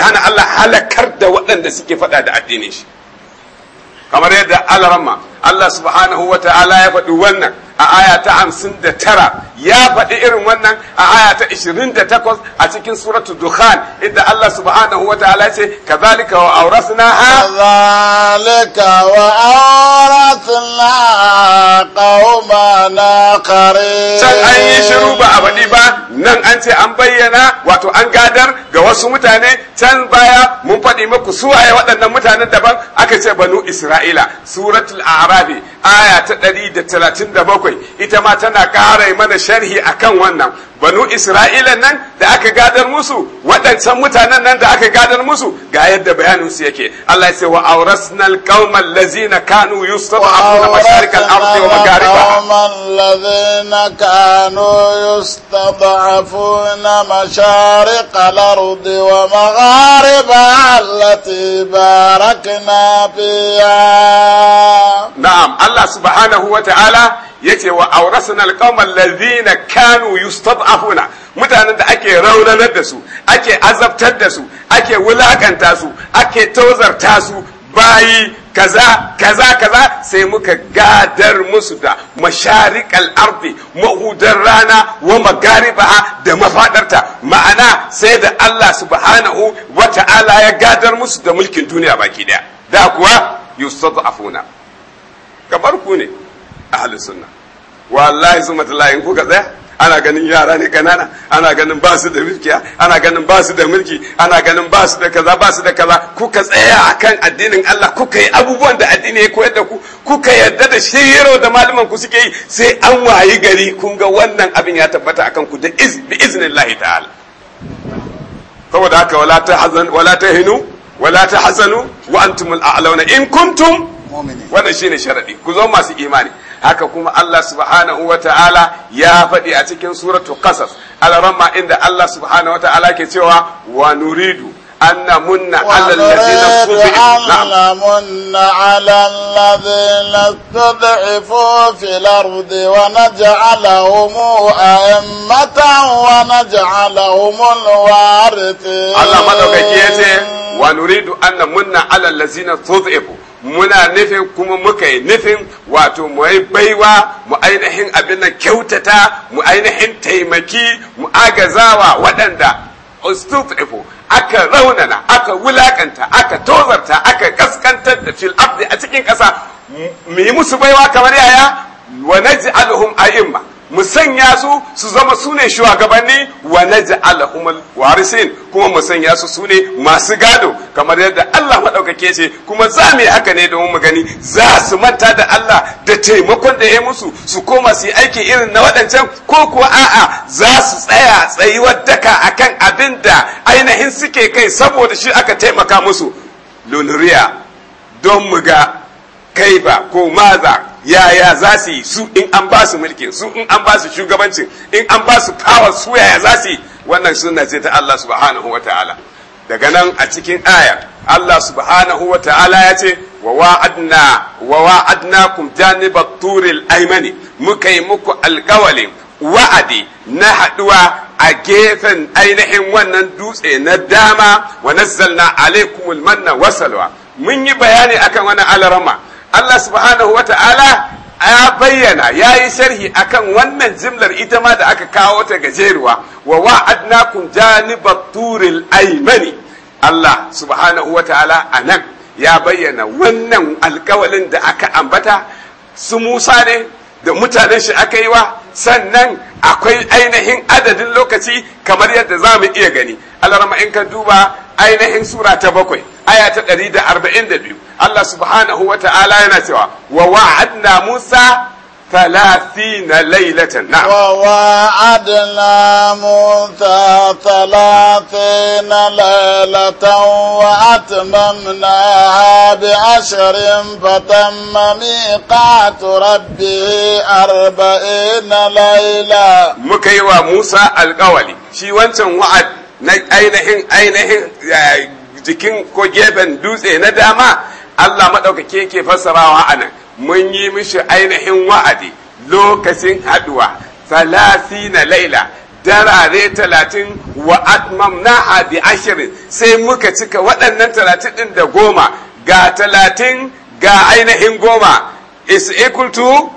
hana Allah halakar da waɗanda suke faɗa da addinin shi kamar yadda Allah Allah subhanahu wa ta'ala ya faɗi wannan a aya ta hamsin da tara ya faɗi irin wannan a aya ta ishirin da takwas a cikin suratu dukhan inda Allah subhanahu wa ta'ala ce ka zalika wa aurasna ha zalika wa aurasna na kare can an yi shiru ba a baɗi ba nan an ce an bayyana wato an gadar ga wasu mutane can baya mun faɗi muku suwaye waɗannan mutanen daban aka ce banu isra'ila suratul a'raf Rabi aya ta 137 ita ma tana ƙara mana sharhi akan wannan banu isra'ila nan da aka gadar musu waɗancan mutanen nan da aka gadar musu ga yadda bayanin su yake Allah ya ce wa awrasna alqauma lazina kanu yustad'afuna masharik al-ardi wa magharibaha allazina kanu yustad'afuna masharik al-ardi wa magharibaha allati barakna fiha na'am Allah subhanahu wa ta'ala ya ce wa aurasunal qauman ladhina kanu yustad'afuna mutanen da ake raunanar da su ake azabtar da su ake wulaƙanta su ake tozarta su bayi kaza kaza kaza sai muka gadar musu da masharikal ardi mahudar rana wa magariba da mafadarta ma'ana sai da Allah subhanahu wata'ala ya gadar musu da mulkin duniya baki daya da kuwa yustad'afuna kamar ku ne ahlus sunna wallahi summa tallahi in kuka tsaya ana ganin yara ne kanana ana ganin ba su da mulkiya ana ganin ba su da mulki ana ganin ba su da kaza ba su da kaza kuka tsaya kan addinin Allah kuka yi abubuwan da addini ya koyar da ku kuka yarda da shiro da malaman ku suke yi sai an wayi gari kun ga wannan abin ya tabbata akan ku da iz bi iznillahi ta'ala saboda haka wala ta hazan wala ta hinu wala ta hazanu wa antumul a'launa in kuntum wannan shine sharadi ku zo masu imani haka kuma Allah subhanahu wataala ya faɗi a cikin suratu qasas al-ramma inda Allah subhanahu wataala ke cewa wa nuridu أن من على الذين استضعفوا نعم wa muna nufin kuma muka yi nufin wato mu yi baiwa mu ainihin abin nan kyautata mu ainihin taimaki mu agazawa waɗanda ustufu aka raunana aka wulaƙanta aka tozarta aka kaskantar da fil a cikin ƙasa mu yi musu baiwa kamar yaya wa naj'aluhum a'imma mu sanya su su zama su ne shugabanni wa naj'alhumul warisin kuma mu sanya su su ne masu gado kamar yadda Allah madaukake ce kuma za mu haka ne domin mu gani za su manta da Allah da taimakon da ya musu su koma su yi aiki irin na waɗancan ko kuwa a'a za su tsaya tsayuwar daka akan abin da ainihin suke kai saboda shi aka taimaka musu lunuriya don mu ga kaifa ko maza yaya za su yi su in an ba su mulki su in an ba su shugabancin in an ba su power su yaya za su yi wannan sunna ce ta Allah subhanahu wa ta'ala daga nan a cikin aya Allah subhanahu wa ta'ala ya ce wa wa'adna wa wa'adnakum janibat turil aymani muka yi muku alƙawalin wa'adi na haɗuwa a gefen ainihin wannan dutse na dama wa nazzalna alaikumul manna wasalwa mun yi bayani akan wannan alarama Allah subhanahu wata'ala ya bayyana ya yi sharhi akan wannan jimlar ita ma da aka kawo ta gajeruwa wa wa'adnakum janibat turil aymani Allah subhanahu wata'ala anan ya bayyana wannan alkawalin da aka ambata su Musa ne da mutanen shi aka yi wa sannan akwai ainihin adadin lokaci kamar yadda za mu iya gani Allah in ka duba ainihin sura ta bakwai aya ta ɗari da arba'in da biyu Allah subhanahu wa ta'ala yana cewa wa wa'adna Musa talathina laylatan na'am wa wa'adna Musa talathina laylatan wa atmamna bi ashrin fatamma miqatu rabbi arba'ina layla muka yi wa Musa alƙawali shi wancan wa'ad na ainihin ainihin eh, jikin ko geben dutse na dama Allah maɗaukaki yake fassarawa a nan mun yi mishi ainihin wa'adi lokacin haduwa salasi na laila darare talatin wa atmamna na bi ashirin sai muka cika waɗannan talatin ɗin da goma ga talatin ga ainihin goma is equal to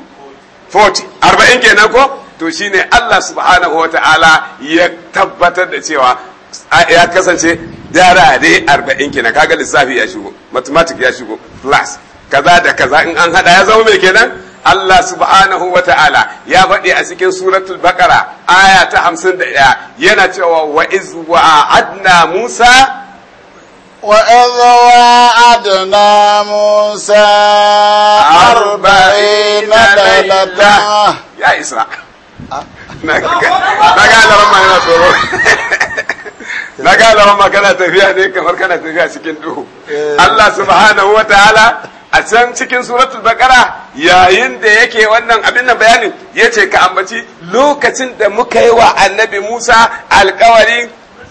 40 arba'in kenan ko to shine Allah subhanahu wa ta'ala ya tabbatar da cewa ya kasance dai arba'in kenan kaga lissafi ya shigo mathematics ya shigo plus kaza da kaza in an hada ya zama mai kenan Allah subhanahu wa ta'ala ya faɗi a cikin suratul bakara aya ta hamsin da ɗaya yana cewa wa iz wa'adna Musa wa iz wa'adna Musa arba'in laylata ya isra ah. na ga na ga tsoro *laughs* na ga alama kana tafiya ne kamar kana tafiya cikin duhu eh. Allah subhanahu wa ta'ala a can cikin suratul baqara yayin da yake wannan abin nan bayanin ce ka ambaci lokacin da muka yi wa annabi Musa alkawari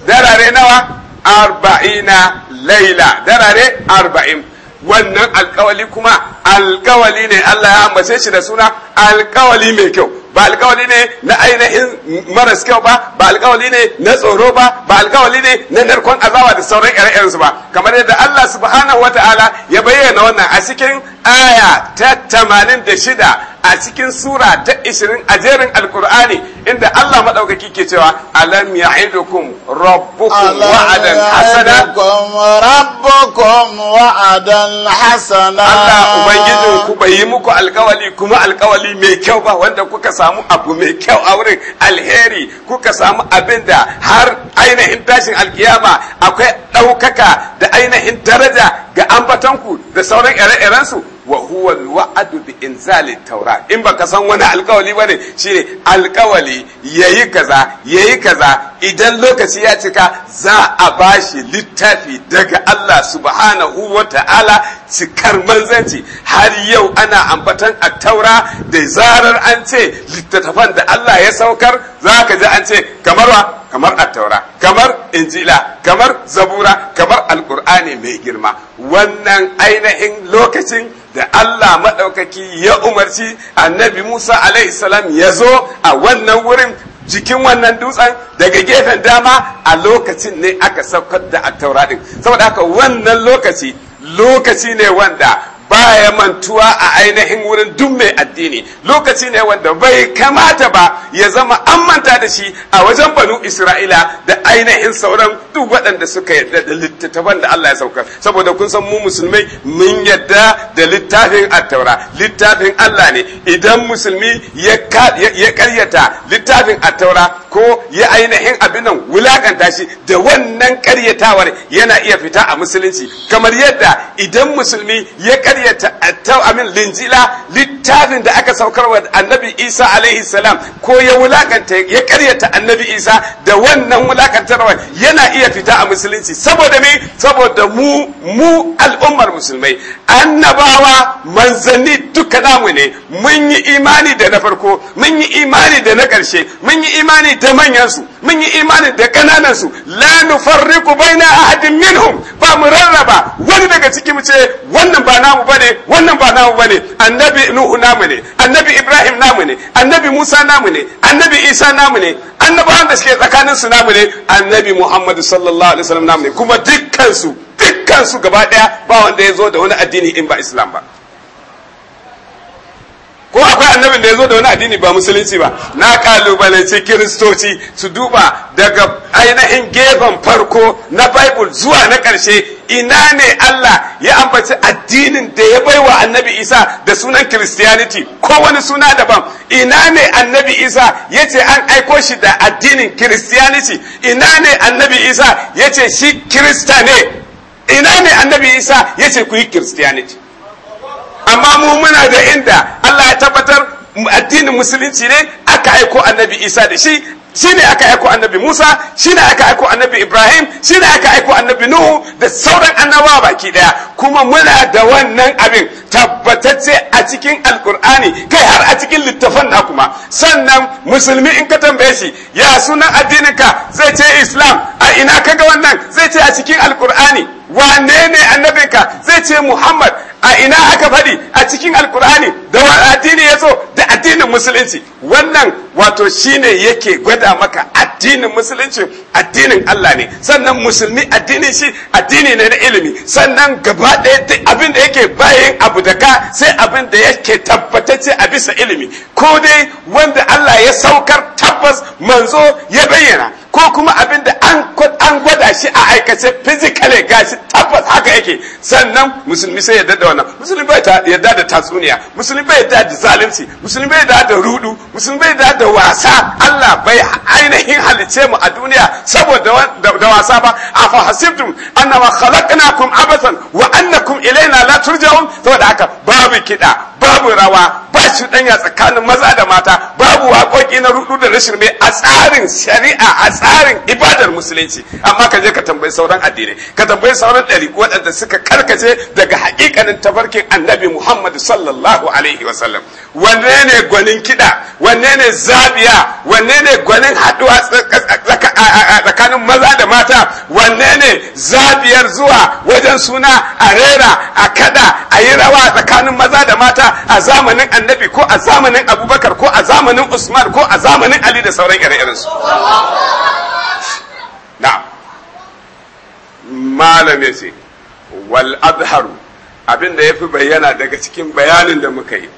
darare nawa arba'ina laila darare arba'in wannan alƙawali kuma alƙawali ne Allah ya ambace shi da suna alƙawali mai kyau ba alkawali ne na ainihin maras kyau ba ba alkawali ne na tsoro ba ba alkawali ne na narkon azawa da sauran ire-irensu ba kamar yadda Allah subhanahu ta'ala ya bayyana wannan a cikin aya ta shida a cikin sura ta 20 a jerin alkur'ani inda Allah maɗaukaki ke cewa alam ya'idukum rabbukum wa'adan hasana rabbukum wa'adan hasana Allah ubangiji ku bai yi muku alkawali kuma alkawali mai kyau ba wanda kuka samu abu mai kyau a wurin alheri kuka samu abin da har ainihin tashin alkiyama akwai ɗaukaka da ainihin daraja ga ambatanku da sauran ire-irensu wa huwa alwa'du bi inzal at in baka san wani alkawali bane shine alkawali yayi kaza yayi kaza idan lokaci ya cika za a bashi littafi daga Allah subhanahu wa ta'ala cikar manzanci har yau ana ambatan at-taura da zarar an ce littattafan da Allah ya saukar zaka ji an ce kamar wa kamar taura kamar injila kamar zabura kamar alkur'ani mai girma wannan ainihin lokacin da Allah maɗaukaki ya umarci annabi Musa salam ya zo a wannan wurin jikin wannan dutsen daga gefen dama a lokacin ne aka saukar da a tauraɗin saboda haka wannan lokaci lokaci ne wanda ya mantuwa a ainihin wurin duk mai addini lokaci ne wanda bai kamata ba ya zama an manta da shi a wajen banu isra'ila da ainihin sauran duk waɗanda suka yadda da littattafan da Allah ya sauka saboda kun san mu musulmai mun yarda da littafin attaura littafin Allah ne idan musulmi ya karyata littafin attaura ko ya ainihin abin nan wulakanta shi da wannan karyatawar yana iya fita a musulunci kamar yadda idan musulmi ya karyata amin linjila littafin da aka saukar wa annabi isa alaihi salam ko ya wulakanta ya karyata annabi isa da wannan wulakantarwa yana iya fita a musulunci saboda me saboda mu mu al'ummar musulmai annabawa manzanni duka namu ne mun yi imani da na farko mun yi imani da na ƙarshe mun yi imani da manyansu mun yi imani da su la nufarriqu baina ahadin minhum ba mu rarraba wani daga ciki mu ce wannan ba namu bane wannan ba namu bane annabi nuhu namu ne annabi ibrahim namu ne annabi musa namu ne annabi isa namu ne annabawan da suke tsakanin su namu ne annabi muhammadu sallallahu alaihi wasallam namu ne kuma dukkan su dukkan su gaba daya ba wanda ya zo da wani addini in ba islam ba ko akwai annabin da ya zo da wani addini ba musulunci ba na kalubalance kiristoci su duba daga ainihin gefen farko na bible zuwa na karshe ina ne Allah ya ambaci addinin da ya baiwa annabi isa da sunan christianity ko wani suna daban ina ne annabi isa ya ce an aiko shi da addinin christianity ina ne annabi isa ya ce shi kirista ne ina ne annabi isa ya ce ku yi christianity amma mu muna da inda Allah ya tabbatar addinin musulunci ne aka aiko annabi Isa da shi shine aka aiko annabi Musa shine aka aiko annabi Ibrahim shine aka aiko annabi Nuhu da sauran annabawa baki daya kuma muna da wannan abin tabbatacce a cikin alkur'ani kai har a cikin littafan na kuma sannan musulmi in ka tambaye shi ya sunan addininka zai ce Islam a ina kaga wannan zai ce a cikin alkur'ani wane ne annabinka zai ce Muhammad a ina aka faɗi a cikin alkur'ani da addini ya zo da addinin musulunci wannan wato shine yake gwada maka addinin musulunci addinin Allah ne sannan musulmi addinin shi addini ne na ilimi sannan gaba ɗaya duk abin da yake bayan abu da sai abin da yake tabbatacce a bisa ilimi ko dai wanda Allah ya saukar tabbas manzo ya bayyana ko kuma abin da an gwada shi a aikace physically gashi tabbas haka yake sannan musulmi sai yadda da wannan musulmi bai yadda da tatsuniya musulmi bai yadda da zalunci musulmi bai yadda da rudu musulmi bai yadda da wasa Allah bai ainihin halice mu a duniya saboda da wasa ba a fa hasibtum annama khalaqnakum abathan wa annakum ilaina la turja'un saboda haka babu kida babu rawa ba shi danya tsakanin maza da mata babu waƙoƙi na rudu da rashin mai a tsarin shari'a a tsarin ibadar musulunci amma ka je ka tambayi sauran addinai ka tambayi sauran ɗari waɗanda suka karkace daga haƙiƙanin tafarkin annabi muhammad sallallahu alaihi wasallam wanne ne gwanin kiɗa wanne ne zabiya wanne ne gwanin haɗuwa tsakanin maza da mata wanne ne zabiyar zuwa wajen suna a rera a kada a yi rawa tsakanin maza da mata a zamanin annabi ko a zamanin abubakar ko a zamanin usman ko a zamanin ali da sauran ire-irensu na malame ce wal abharu abin da ya fi bayyana daga cikin bayanin da muka yi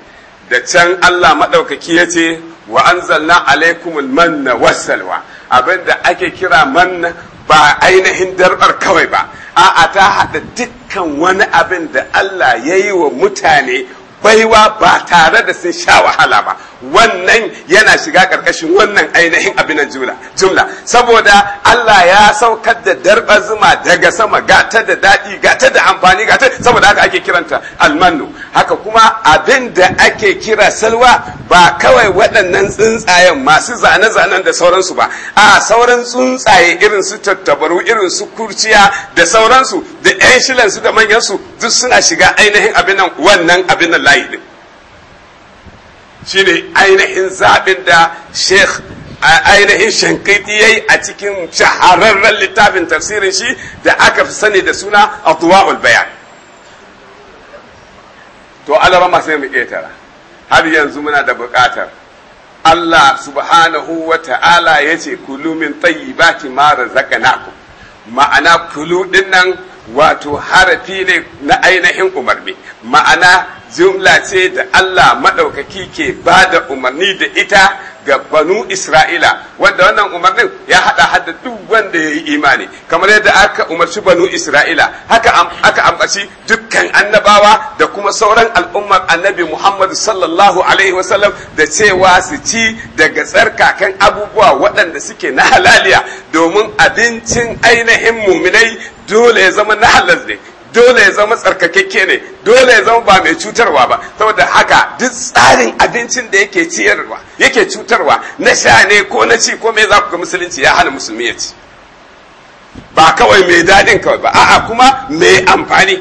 da can allah maɗaukaki ya ce wa anzalna alaikumul manna wasalwa abin da ake kira manna ba ainihin darbar kawai ba a'a ta haɗa dukkan wani abin da Allah ya yi wa mutane baiwa ba tare da sun sha wahala ba wannan yana shiga karkashin wannan ainihin abin jumla saboda Allah ya saukar da darba zuma daga sama gata da daɗi gata da amfani gata saboda haka ake kiranta almanu haka kuma abin da ake kira salwa ba kawai waɗannan tsuntsayen masu zane-zanen da sauransu ba a sauran tsuntsaye irin su tattabaru irin su kurciya da sauransu yan shilan su da manyan su duk suna shiga ainihin abin nan wannan abin nan layi din shine ainihin zabin da sheikh ainihin shankiti yayi a cikin shahararren littafin tafsirin shi da aka fi sani da suna adwaul bayan to alarama sai mu ketara har yanzu muna da buƙatar Allah subhanahu wa ta'ala ya ce kulu min tayyibati ma razaqnakum ma'ana kulu dinnan wato harafi ne na ainihin umarni ma'ana jumla ce da Allah maɗaukaki ke ba da umarni da ita ga banu isra'ila wanda wannan umarnin ya hada hada duk wanda ya yi imani kamar yadda aka umarci banu isra'ila haka aka ambaci dukkan annabawa da kuma sauran al'ummar annabi muhammad sallallahu alaihi wasallam da cewa su ci daga tsarkakan abubuwa waɗanda suke na halaliya domin abincin ainihin muminai dole ya zama na halal ne dole ya zama tsarkakakke ne dole ya zama ba mai cutarwa ba saboda haka duk tsarin abincin da yake ciyarwa yake cutarwa na sha ne ko na ci ko me za ku ga musulunci ya hana musulmi ya ci ba kawai mai daɗin kawai ba a'a kuma mai amfani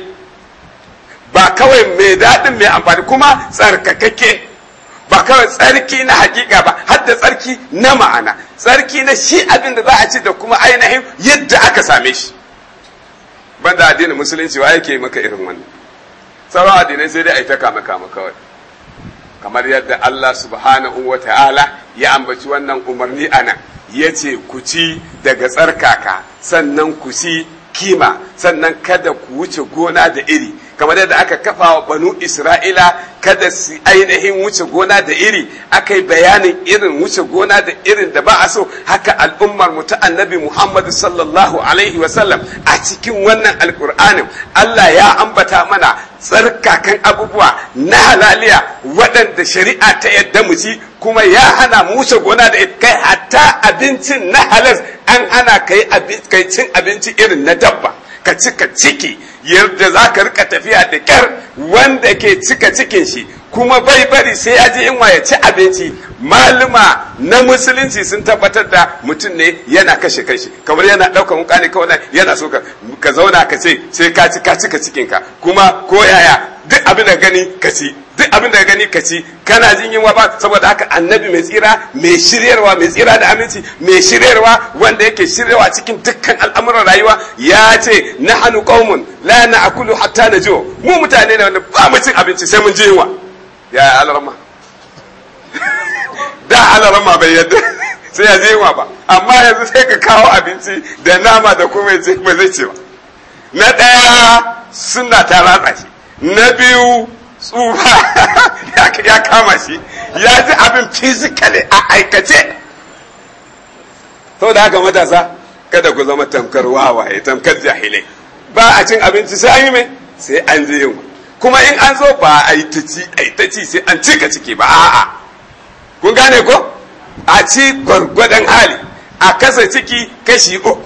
ba kawai mai daɗin mai amfani kuma tsarkakakke ba kawai tsarki na hakika ba har da tsarki na ma'ana tsarki na shi abin da za a ci da kuma ainihin yadda aka same shi ban da addinin musulunci wa yake maka irin wannan sauran addinai sai dai a yi ta kama kama kawai kamar yadda Allah subhanahu wa ta'ala ya ambaci wannan umarni a nan ya ce ku ci daga tsarkaka sannan ku ci kima sannan kada ku wuce gona da iri kamar yadda aka kafa wa banu isra'ila kada su ainihin wuce gona da iri aka yi bayanin irin wuce gona da irin da ba a so haka al'ummar mu ta annabi muhammadu sallallahu alaihi wasallam a cikin wannan alkur'anin allah ya ambata mana tsarkakan abubuwa na halaliya waɗanda shari'a ta yadda mu ci kuma ya hana mu wuce gona da kai hatta abincin na halas an hana kai cin abinci irin na dabba ka cika ciki yadda za ka rika tafiya da kyar wanda ke cika cikin shi kuma bai bari sai ya je inwa ya ci abinci malama na musulunci sun tabbatar da mutum ne yana kashe kanshi kamar yana ɗaukar wuka ne kawai yana so ka zauna ka ce sai ka ci cika cikinka kuma ko yaya duk abin da gani ka ci duk abin da ka gani ka ci kana jin yunwa ba saboda haka annabi mai tsira mai shiryarwa mai tsira da aminci mai shiryarwa wanda yake shiryarwa cikin dukkan al'amuran rayuwa ya ce na nahnu qaumun la na'kulu hatta najuu mu mutane ne wanda ba mu cin abinci sai mun ji yunwa ya alarma *laughs* da alarma bai yadda *laughs* sai ya ji yunwa ba amma yanzu sai ka kawo abinci da nama da ce ba zai ce ba na ɗaya suna ta ratsa shi na biyu tsufa *laughs* ya kama shi ya ji abin fizikali a aikace sau da haka matasa kada ku zama tamkar wawaye tamkar jahilai ba a cin abinci sai an yi mai sai an je yin kuma in an zo ba a yi ta ci a yi ta ci sai an cika ciki ba a'a kun gane ko a ci gwargwadon hali a kasa ciki kashi uku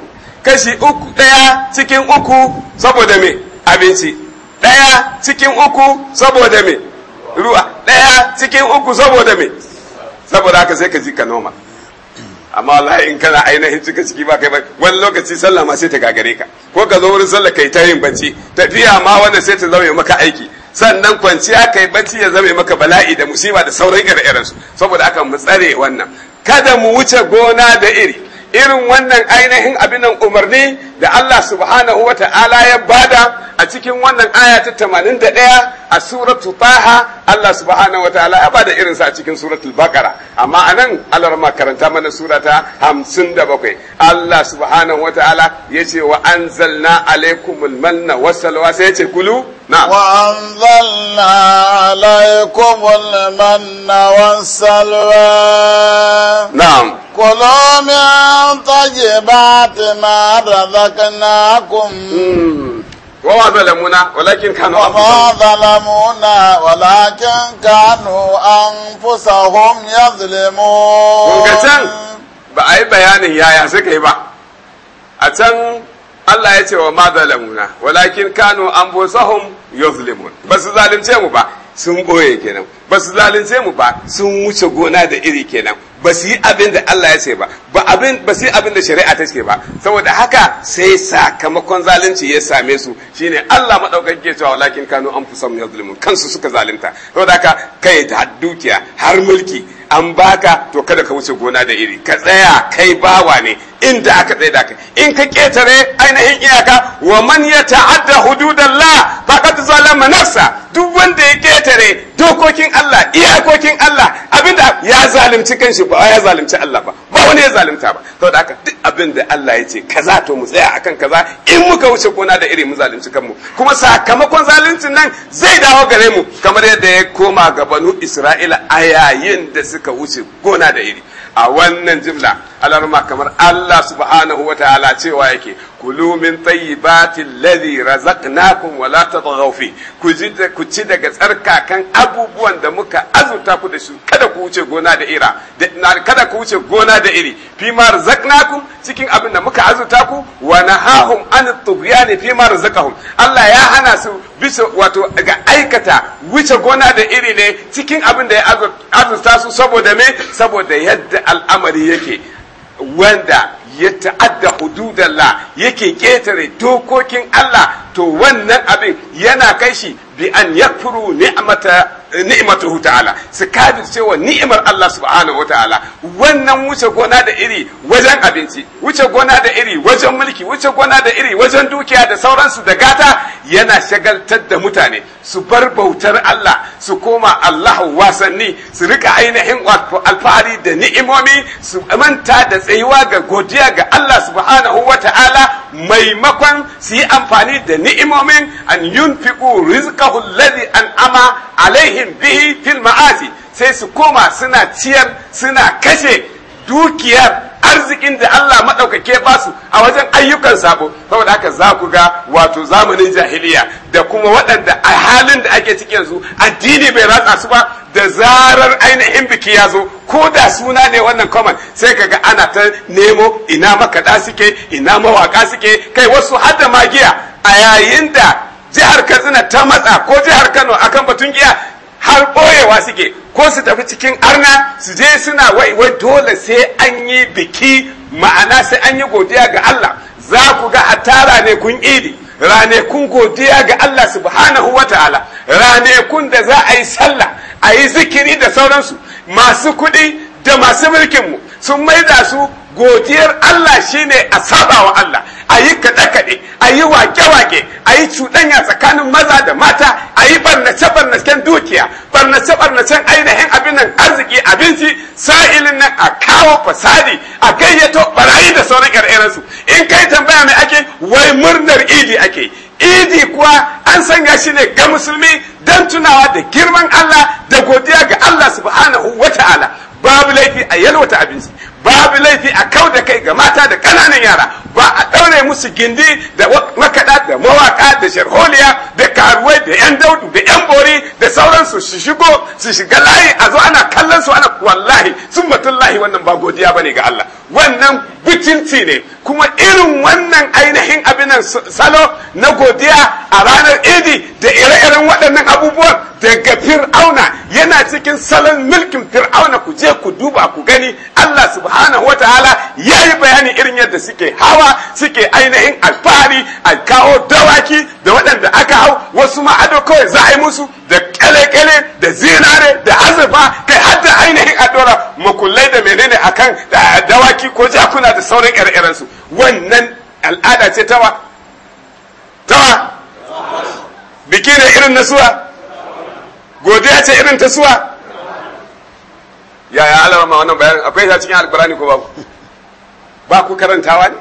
kashi uku daya cikin uku saboda mai abinci ɗaya cikin uku saboda me ruwa ɗaya cikin uku saboda me saboda haka sai ka ji ka noma amma wallahi in kana ainihin cika ciki ba kai ba wani lokaci sallah ma sai ta gagare ka ko ka zo wurin sallah kai ta yin bacci tafiya ma wannan sai ta zama maka aiki sannan kwanciya kai bacci ya zama maka bala'i da musiba da sauran ire-irensu saboda haka mu tsare wannan kada mu wuce gona da iri irin wannan ainihin abin nan umarni da Allah subhanahu wa ta'ala ya bada a cikin wannan aya ta 81 a suratu taha Allah subhanahu wa ta'ala ya bada irin sa a cikin suratul baqara amma anan Allah ma karanta mana surata 57 Allah subhanahu wa ta'ala yace wa anzalna alaykumul manna wasalwa sai yace kulu na wa anzalna alaykumul manna wasalwa na'am kulu طيبات ما رزقناكم hmm. وما ظلمونا ولكن كانوا وما ظلمونا ولكن bayanin yaya ba. A can Allah ya ce wa ma zalamuna walakin kanu anfusahum yuzlimun ba su zalunce mu ba sun boye kenan ba su mu ba sun wuce gona da iri kenan ba su yi abin da Allah ya ce ba ba abin ba su yi abin da shari'a ta ce ba saboda haka sai sakamakon zalunci ya same su shine Allah madaukaki ke cewa walakin kanu anfusahum yazlimun kansu suka zalunta saboda haka kai da dukiya har mulki an baka to kada ka wuce gona da iri ka tsaya kai bawa ne inda aka tsaye da kai in ka ketare ainihin iyaka wa man ya ta'adda hududallah faqad zalama nafsa duk wanda ya ketare dokokin Allah iyakokin Allah abinda ya zalunci kanshi ba ya zalunci Allah ba ba wani ya zalunta ba saboda haka duk abin da Allah ya ce kaza to mu tsaya akan kaza in muka wuce gona da iri mu zalunci kanmu kuma sakamakon zaluncin nan zai dawo gare mu kamar yadda ya koma ga banu Isra'ila a yayin da suka wuce gona da iri a wannan jimla alarma kamar Allah subhanahu wa ta'ala cewa yake kulu min tayyibati alladhi razaqnakum wa la tadghaw fi ku ci daga tsarkakan abubuwan da muka azurta ku da su kada ku wuce gona da ira kada ku wuce gona da iri fi ma razaqnakum cikin abin da muka azurta ku wa nahahum an tughyani fi ma razaqahum Allah ya hana su bisa wato ga aikata wuce gona da iri ne cikin abin da ya azurta su saboda me saboda yadda al'amari yake wanda ya ta'adda hududallah yake ƙetare dokokin Allah to wannan abin yana kai shi bi an yakfuru ni'mata ni'matuhu ta'ala su kafir cewa ni'imar Allah subhanahu wa ta'ala wannan wuce gona da iri wajen abinci wuce gona da iri wajen mulki wuce gona da iri wajen dukiya da sauransu da gata yana shagaltar da mutane su bar bautar Allah su koma Allah wasanni su rika ainihin alfahari da ni'imomi su manta da tsayuwa ga godiya ga Allah subhanahu wa ta'ala maimakon su yi amfani da ni'imomin an yunfiqu rizqahu alladhi an'ama alaihi amwalihim bihi fil ma'asi sai su koma suna ciyar suna kashe dukiyar arzikin da Allah maɗaukake ba su a wajen ayyukan sabo saboda haka za ku ga wato zamanin jahiliya da kuma waɗanda a halin da ake ciki yanzu addini bai ratsa su ba da zarar ainihin biki ya zo ko da suna ne wannan common sai kaga ana ta nemo ina makaɗa suke ina mawaƙa suke kai wasu har da magiya a yayin da jihar katsina ta matsa ko jihar kano akan batun giya har ɓoyewa suke ko su tafi cikin arna su je suna wai wai dole sai an yi biki ma'ana sai an yi godiya ga Allah za ku ga a tara ne kun idi ranekun godiya ga Allah subhanahu wa ta'ala ranekun da za a yi sallah a yi zikiri da sauransu masu kuɗi da masu mulkinmu sun maida su godiyar Allah shine a saba Allah a yi kaɗe-kaɗe a yi wake-wake a yi cuɗanya tsakanin maza da mata a yi barnace-barnacen dukiya barnace-barnacen ainihin abin nan arziki abinci sa'ilin nan a kawo fasadi a gayyato barayi da sauran ƙar'irarsu in kai tambaya mai ake wai murnar idi ake idi kuwa an sanya shi ne ga musulmi don tunawa da girman Allah da godiya ga Allah subhanahu wa ta'ala babu laifi a yalwata abinci babu laifi a kau da kai ga mata da kananan yara ba a ɗaure musu gindi da makaɗa da mawaƙa da sharholiya da karuwai da 'yan daudu da 'yan bori da sauransu su shigo su shiga layi a zo ana kallon su ana wallahi sun lahi wannan ba godiya ba ne ga Allah wannan bicinci ne kuma irin wannan ainihin abinan salo na godiya a ranar idi da ire-iren waɗannan abubuwan daga fir'auna yana cikin salon milkin fir'auna ku je ku duba ku gani Allah su subhanahu wa ta'ala ya yi bayani irin yadda suke hawa suke ainihin alfahari a kawo dawaki da waɗanda aka hau wasu ma ado kawai za a yi musu da kyale-kyale da zinare da azurfa kai har ainihin a ɗora makullai da menene akan dawaki ko jakuna da sauran ire-irensu wannan al'ada ce tawa tawa biki ne irin na suwa godiya ce irin ta suwa ya alama ma wannan bayan akwai ta cikin alkurani ko babu ba ku karantawa ne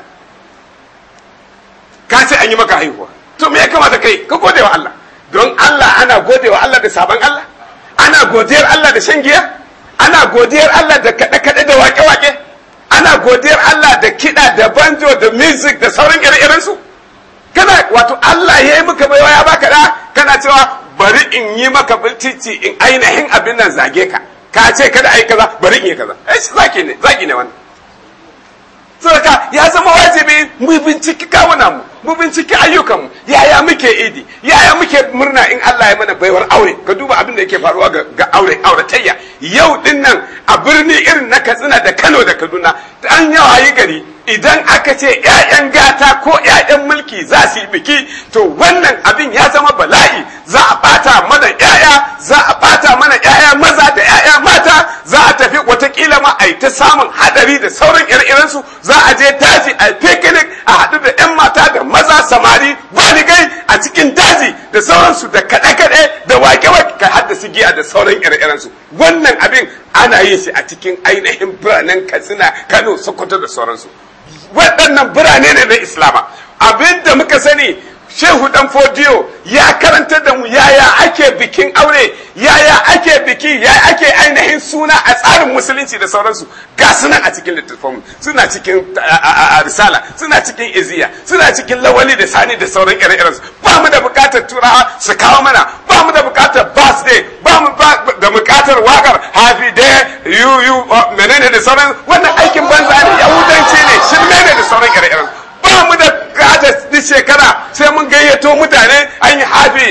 ka ce an yi maka haihuwa to me ya kamata kai ka gode wa Allah don Allah ana gode wa Allah da sabon Allah ana godiyar Allah da shan giya ana godiyar Allah da kaɗe-kaɗe da wake-wake ana godiyar Allah da kiɗa da banjo da music da sauran ire-iren su kana wato Allah ya yi maka baiwa ya baka da kana cewa bari in yi maka bilcici in ainihin abin nan zage ka ka ce kada ai kaza bari in yi kaza eh zaki ne zaki ne wannan saka ya zama wajibi mu binciki kawuna mu mu binciki mu yaya muke idi yaya muke murna in Allah ya mana baiwar aure ka duba abin da yake faruwa ga aure auratayya yau din a birni irin na Katsina da Kano da Kaduna an yawa yi gari idan aka ce ‘ya'yan gata ko ‘ya'yan mulki za su yi biki to wannan abin ya zama bala'i za a bata mana ‘ya'ya za a bata mana ‘ya'ya maza da ‘ya'ya mata za a tafi watakila ma a yi ta samun haɗari da sauran ire-irensu za a je daji a picnic a haɗu da ‘yan mata da maza samari baligai a cikin daji da sauransu da kaɗe-kaɗe da wake-wake ka haddasa giya da sauran ire wannan abin ana yin shi a cikin ainihin biranen katsina kano sokoto da sauransu waɗannan birane ne na islama abinda muka sani shehu dan fodiyo ya karanta da mu yaya ake bikin aure yaya ake biki yaya ake ainihin suna a tsarin musulunci da sauransu ga sunan a cikin littattafan suna cikin risala suna cikin iziya suna cikin lawali da sani da sauran ire-iren su ba mu da bukatar turawa su kawo mana ba mu da bukatar birthday ba mu da bukatar wakar happy day you you uh, menene da sauran wannan aikin banza ne yahudanci ne shirme ne da sauran ire-iren ba mu da gadas duk shekara sai mun gayyato mutane an yi hafi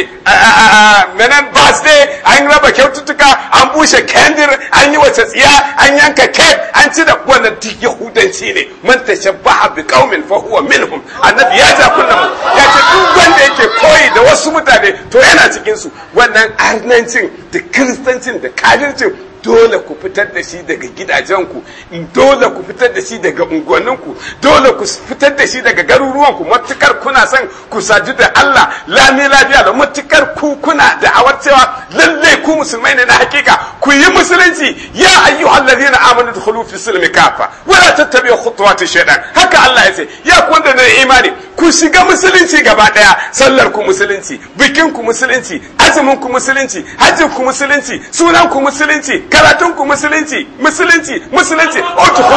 menen birthday an raba kyaututtuka an bushe kendir an yi wace tsiya an yanka kek an ci da wannan duk yahudanci ne man tashabbaha bi qaumin fa huwa minhum annabi ya ja kunna mu ya ce duk wanda yake koyi da wasu mutane to yana cikin su wannan arnancin da kristancin da kafircin dole ku fitar da shi daga gidajenku dole ku fitar da shi daga unguwanninku dole ku fitar da shi daga garuruwanku matukar kuna son ku saji da Allah lami lafiya da matukar ku kuna awar cewa lalle ku musulmai ne na hakika ku yi musulunci ya ayyu allazina amanu dukhulu fi sulmi kafa wala tattabi'u khutuwati shaytan haka Allah ya ce ya ku da imani ku shiga musulunci gaba daya sallar ku musulunci bikin ku musulunci azumin ku musulunci hajji ku musulunci sunan ku musulunci karatun ku musulunci musulunci musulunci otu ku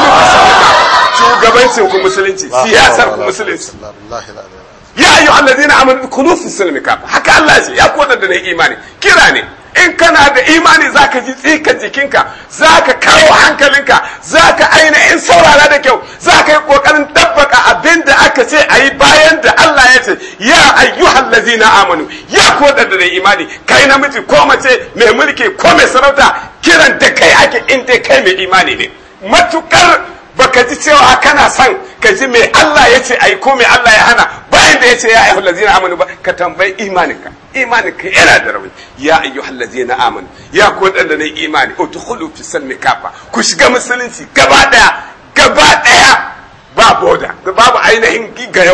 shugabancin ku musulunci siyasar ku musulunci ya ayyuhallazina amanu kunu fi silmi haka Allah ya ce ya kodan da ne imani kira ne in kana da imani za ka ji tsika jikinka za ka kawo hankalinka za ka in saurara da kyau za ka yi kokarin tabbaka abin da aka ce a yi bayan da Allah ya ce ya ayyuhan lazina amanu ya ko da da imani kai namiji ko mace mai mulki ko mai sarauta kiran da kai ake in dai kai mai imani ne matukar baka ji cewa kana san ka ji mai Allah ya ce ai ko mai Allah ya hana bayan da ya ce ya ayyuhal lazina amanu ba ka tambayi imaninka imanin ka yana da rauni ya ayyuhal na amanu ya ku wadanda ne imani udkhulu fi salmi kafa ku shiga musulunci gaba daya gaba daya ba boda babu ainihin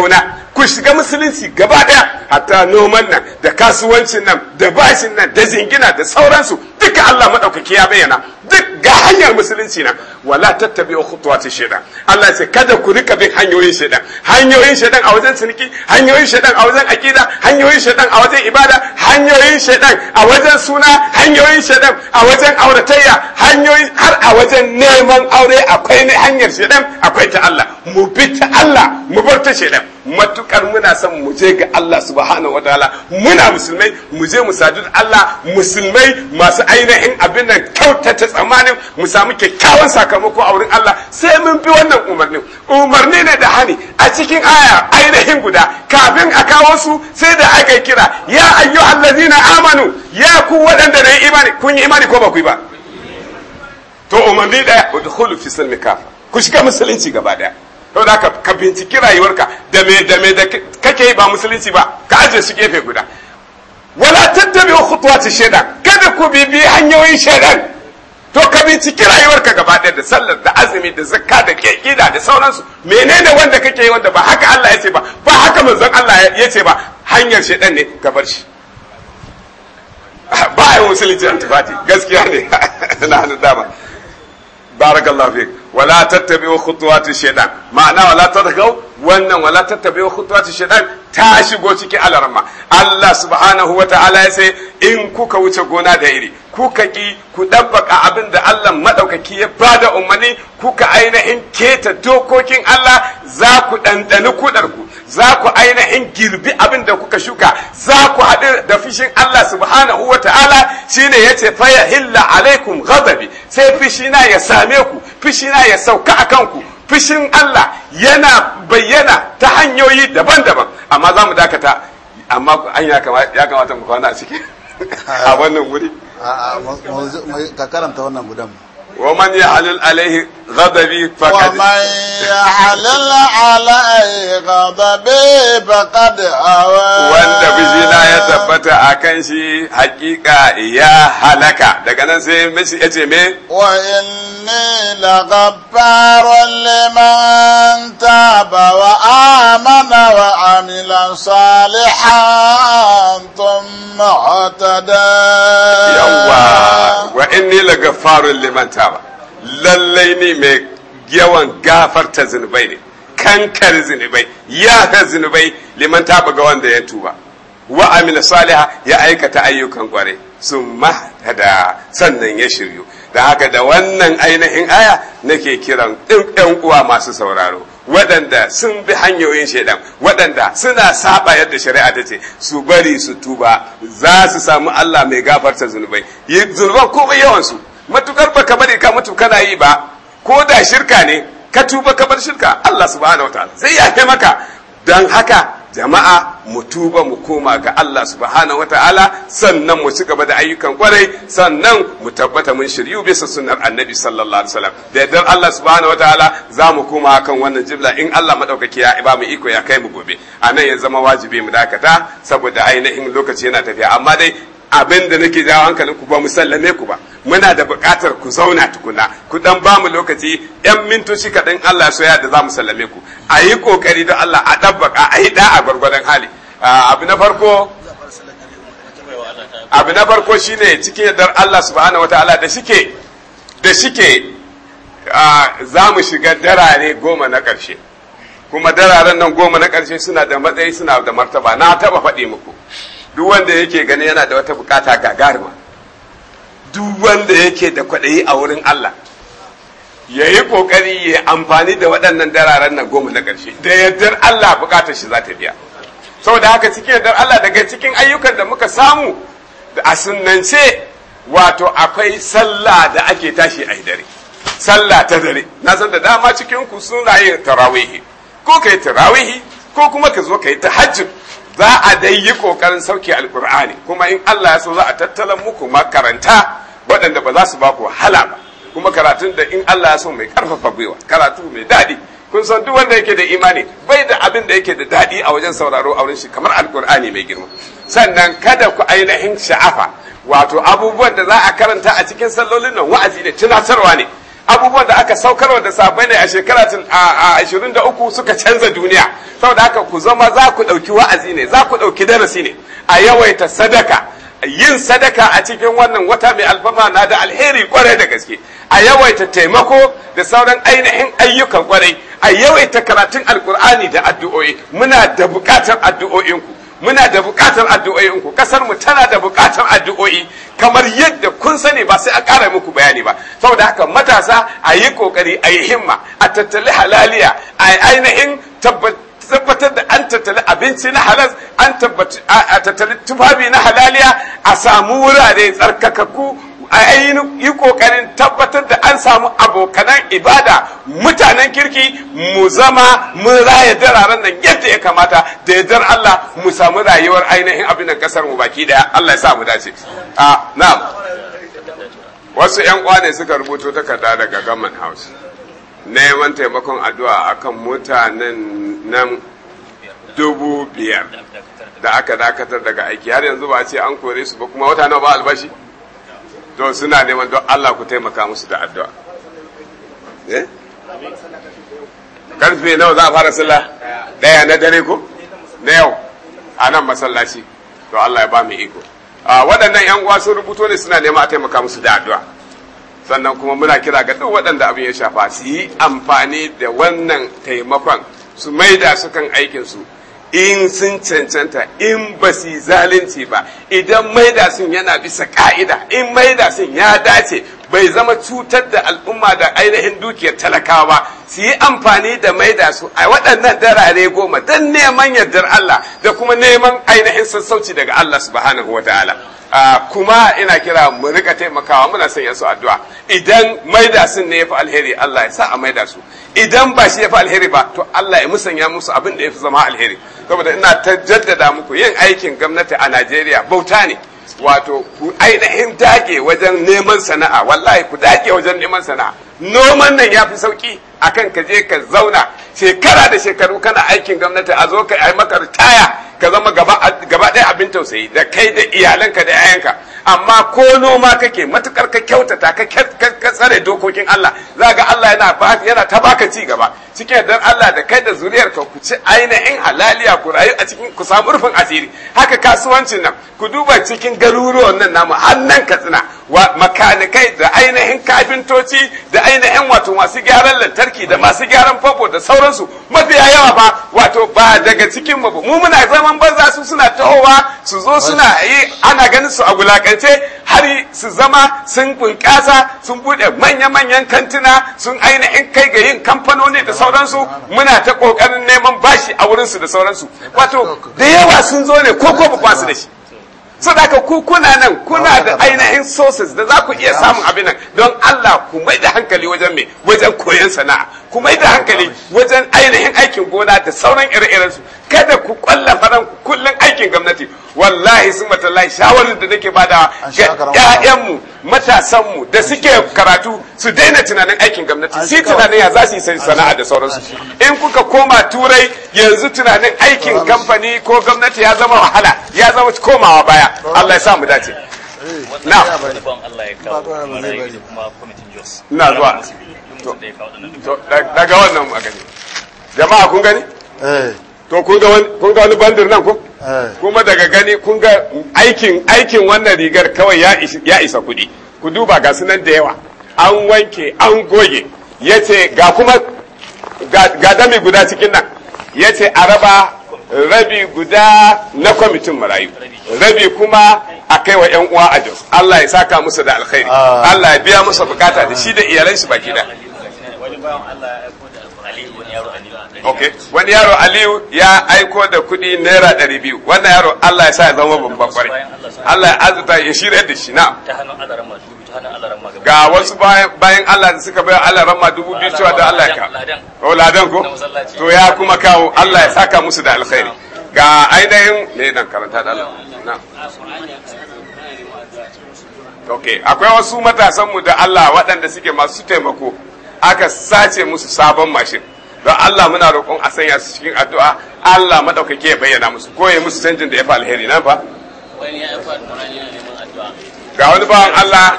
na. ku shiga musulunci gaba daya hatta noman nan da kasuwancin nan da bashin nan da zingina da sauransu duka Allah madaukaki ya bayyana duk ga hanyar musulunci nan wala tattabi'u khutuwati shaytan Allah sai kada ku rika bin hanyoyin shaytan hanyoyin shaytan a wajen ciniki hanyoyin shaytan a wajen akida hanyoyin shaytan a wajen ibada hanyoyin shaytan a wajen suna hanyoyin shaytan a wajen auratayya hanyoyin har a wajen neman aure akwai ne hanyar shaytan akwai ta Allah mu bi ta Allah mu bar ta shaytan matukar muna son mu je ga Allah subhanahu wataala muna musulmai mu je mu sadu Allah musulmai masu ainihin abin nan kyautata tsammanin mu samu kyakkyawan sakamako a wurin Allah sai mun bi wannan umarni umarni ne da hani a cikin aya ainihin guda kafin a kawo su sai da aka kira ya ayyu allazina amanu ya ku waɗanda da imani kun yi imani ko ba ku yi ba to umarni daya udkhulu fi silmi kafa ku shiga musulunci gaba daya to da ka ka binciki rayuwarka da me da me da kake ba musulunci ba ka aje su gefe guda wala tattabi khutuwati shaytan kada ku bi bi hanyoyin shaytan to ka binciki rayuwarka gaba ɗaya da sallar da azumi da zakka da kekida da sauransu menene wanda kake yi wanda ba haka Allah ya ce ba ba haka manzon Allah ya ce ba hanyar shaidan ne ka bar shi ba ai musulunci antifati gaskiya ne *laughs* na hannun dama barakallahu fiik wala tattabi'u khutuwati shaytan ma'ana wala tadghaw wannan wala tattabi'u khutuwati shaytan ta shigo ciki alarma Allah subhanahu wa ta'ala ya ce in kuka wuce gona da iri kuka ki ku ɗabbaka abin da Allah maɗaukaki ya bada umarni kuka aina ainihin keta dokokin Allah za ku ɗanɗani kuɗarku za ku ainihin girbi abin da kuka shuka za ku haɗu da fishin Allah subhanahu wa ta'ala shine ya ce faya hilla alaikum ghadabi sai fishina ya same ku fishina ya sauka a kanku fishin Allah yana bayyana ta hanyoyi daban-daban amma za mu dakata amma an ya kamata mu kwana a ciki *laughs* a wannan wuri a'a ka karanta wannan gudan ومن يحلل عليه غضبي فقد ومن يحلل عليه غضبي فقد هوى وانت بزنا يتبت اكنشي حقيقة يا هلكا لكن انا سي مشي اتمي واني لغفار لمن تاب وآمن وعمل صالحا ثم اهتدى يا الله واني لغفار لمن تاب ba lallai ne mai yawan gafarta zunubai ne kankar zunubai yaka zunubai liman ta ga wanda ya tuba wa amina saliha ya aikata ayyukan kware sun mahada sannan ya shiryu da haka da wannan ainihin aya nake kiran ɗin uwa masu sauraro waɗanda sun bi hanyoyin shaidan waɗanda suna saba yadda shari'a ta ce su bari su tuba za su samu Allah mai gafarta zunubai zunuban kuma yawansu matukar baka bari ka mutu kana yi ba ko da shirka ne ka tuba ka bar shirka Allah subhanahu wataala zai yafe maka dan haka jama'a mu tuba mu koma ga Allah subhanahu wataala sannan mu ci gaba da ayyukan kwarai sannan mu tabbata mun shiryu bisa sunnar annabi sallallahu alaihi wasallam da yardar Allah subhanahu wataala za mu koma kan wannan jibla in Allah madaukaki ya ba mu iko ya kai mu gobe anan ya zama wajibi mu dakata saboda ainihin lokaci yana tafiya amma dai abin da nake jawo ku ba mu sallame ku ba muna da buƙatar ku zauna tukuna ku dan ba mu lokaci yan mintoci kaɗan Allah soya da za mu sallame ku a yi ƙoƙari da Allah a ɗabbaka a yi ɗa'a gwargwadon hali abu na farko abu na farko shine cikin yardar Allah subhanahu wataala da shike da shike za mu shiga darare goma na ƙarshe kuma dararen nan goma na ƙarshe suna da matsayi suna da martaba na taɓa faɗi muku duk wanda yake gani yana da wata bukata gagarima duk wanda yake da kwaɗayi a wurin Allah ya yi ƙoƙari ya amfani da waɗannan dararen nan goma na ƙarshe da yardar Allah bukatar shi za ta biya saboda haka cikin yardar Allah daga cikin ayyukan da muka samu a sunnance wato akwai sallah da ake tashi a dare sallah ta dare na san da dama cikin ku suna yin tarawihi ko kai tarawihi ko kuma ka zo ka ta hajji. za a dai yi kokarin sauke alkur'ani kuma in Allah ya so za a tattalan muku makaranta waɗanda ba za su ba ku wahala ba kuma karatun da in Allah ya so mai karfafa gwiwa karatu mai daɗi kun san duk wanda yake da imani bai da abin da yake da daɗi a wajen sauraro a wurin shi kamar alkur'ani mai girma sannan kada ku ainihin sha'afa wato abubuwan da za a karanta a cikin sallolin nan wa'azi ne tunatarwa ne abubuwan da aka saukar da sabai ne a shekara a 23 suka canza duniya saboda haka ku zama za ku ɗauki wa'azi ne za ku ɗauki darasi ne a yawaita sadaka yin sadaka a cikin wannan wata mai alfama na da alheri kwarai da gaske a yawaita taimako da sauran ainihin ayyukan kwarai a yawaita karatun alkur'ani da addu'o'i muna da bukatar addu'o'inku muna da bukatar in ku kasar mu tana da bukatar addu'o'i kamar yadda kun sani ba sai a ƙara muku bayani ba saboda haka matasa a yi kokari a yi himma a tattali halaliya a ainihin tabbatar da an tattali abinci na halas an tattali tufafi na halaliya a samu wurare tsarkakakku yi kokarin tabbatar da an samu abokanan ibada mutanen kirki mu zama mun raya dararen nan yadda ya kamata da ya dar Allah mu samu rayuwar ainihin abin da kasar mu baki daya Allah ya sa mu dace a na'am wasu yan uwa ne suka rubuto takarda daga Gaman House neman taimakon addu'a akan mutanen nan dubu biyar da aka dakatar daga aiki har yanzu ba ce an kore su ba kuma wata nawa ba albashi don suna neman don Allah ku taimaka musu da addu'a eh? karfe nawa za a fara sallah daya na dare ko na yau a nan masallaci to Allah ya ba mu iko waɗannan yan uwa sun rubuto ne suna neman a taimaka musu da addu'a sannan kuma muna kira ga duk waɗanda abin ya shafa su yi amfani da wannan taimakon su maida su kan aikinsu in sun cancanta in ba su zalunci ba idan maida sun yana bisa ka'ida in maida sun ya dace bai zama cutar da al'umma da ainihin dukiyar talakawa ba su yi amfani da maida su a waɗannan darare goma don neman yardar Allah da kuma neman ainihin sassauci daga Allah subhanahu wa ta'ala ah, kuma ina kira mu rika taimakawa muna son yansu addu'a idan maida sun ne yafi alheri Allah ya sa a maida su idan ba shi fi alheri ba to Allah ya musanya musu abin da ya fi zama alheri saboda ina ta jaddada muku yin aikin gwamnati a Najeriya bauta ne wato ku ainihin dage wajen neman sana'a wallahi ku dage wajen neman sana'a noman nan ya fi sauki akan ka je ka zauna shekara da shekaru kana aikin gwamnati a zo ka yi maka ritaya ka zama gaba ɗaya abin tausayi da kai da iyalanka da yayanka amma ko noma kake matukar matukar ka kyautata ka tsare dokokin Allah za ga Allah yana yana ta baka ci gaba cikin dan Allah da kai da zuriyar ka ku ci ainihin halaliya ku rayu a cikin ku samu rufin asiri haka kasuwancin nan ku duba cikin garuruwan nan namu hannan katsina wa makanikai da ainihin kafintoci da ainihin wato masu gyaran lantarki da masu gyaran famfo da sauransu mafiya yawa ba wato ba daga cikin mu mu muna zaman banza su suna tahowa su zo suna yi ana ganin su a wulakance hari su zama sun bunƙasa sun buɗe manya-manyan kantuna sun ainihin kai ga yin kamfanoni da sauransu muna ta ƙoƙarin neman bashi a wurinsu da sauransu wato da yawa sun zo ne ko ko ba su da shi sadaka ku kuna nan kuna da ainihin sources da za ku iya samun abin nan don Allah ku mai da hankali wajen mai wajen koyon sana'a ku mai da hankali wajen ainihin aikin gona da sauran ire irensu kada ku kwalla faran kullun aikin gwamnati wallahi sun matallahi shawarar da nake bada ga ƴaƴanmu matasanmu da suke karatu su daina tunanin aikin gwamnati su tunanin ya za su yi sana'a da sauransu in kuka koma turai yanzu tunanin aikin kamfani ko gwamnati ya zama wahala ya zama komawa baya Allah ya sa mu dace eh, na na zuwa daga wannan magani jama'a kun gani eh to kun ga wani bandir nan ko eh. kuma daga gani kun ga aikin aikin wannan rigar kawai ya isa kuɗi ku duba ga sunan da yawa an wanke an goge ya ga kuma ga dami guda cikin nan yace ce a raba rabi guda na kwamitin marayu rabi kuma a kaiwa 'yan uwa a jos Allah ya saka musu da alkhairi ah. Allah ya biya musu bukata da shi da iyalansu baki da wani bayan Allah ya okay wani yaro aliyu ya aiko da kuɗi naira ɗari biyu wannan yaro allah ya sa ya zama babban kwarai allah ya azuta ya shirya da shi na ga wasu bayan allah da suka bayan allah rama dubu biyu cewa da allah ya ka o oh, ladan ko to ya kuma kawo allah ya saka musu da alkhairi ga ainihin ne dan karanta da allah na ok akwai wasu matasanmu da allah waɗanda suke masu taimako aka sace musu sabon mashin don Allah muna roƙon a sanya su cikin addu'a Allah maɗaukaki ya bayyana musu ko ya musu canjin da ya fi alheri nan fa ga wani bawan Allah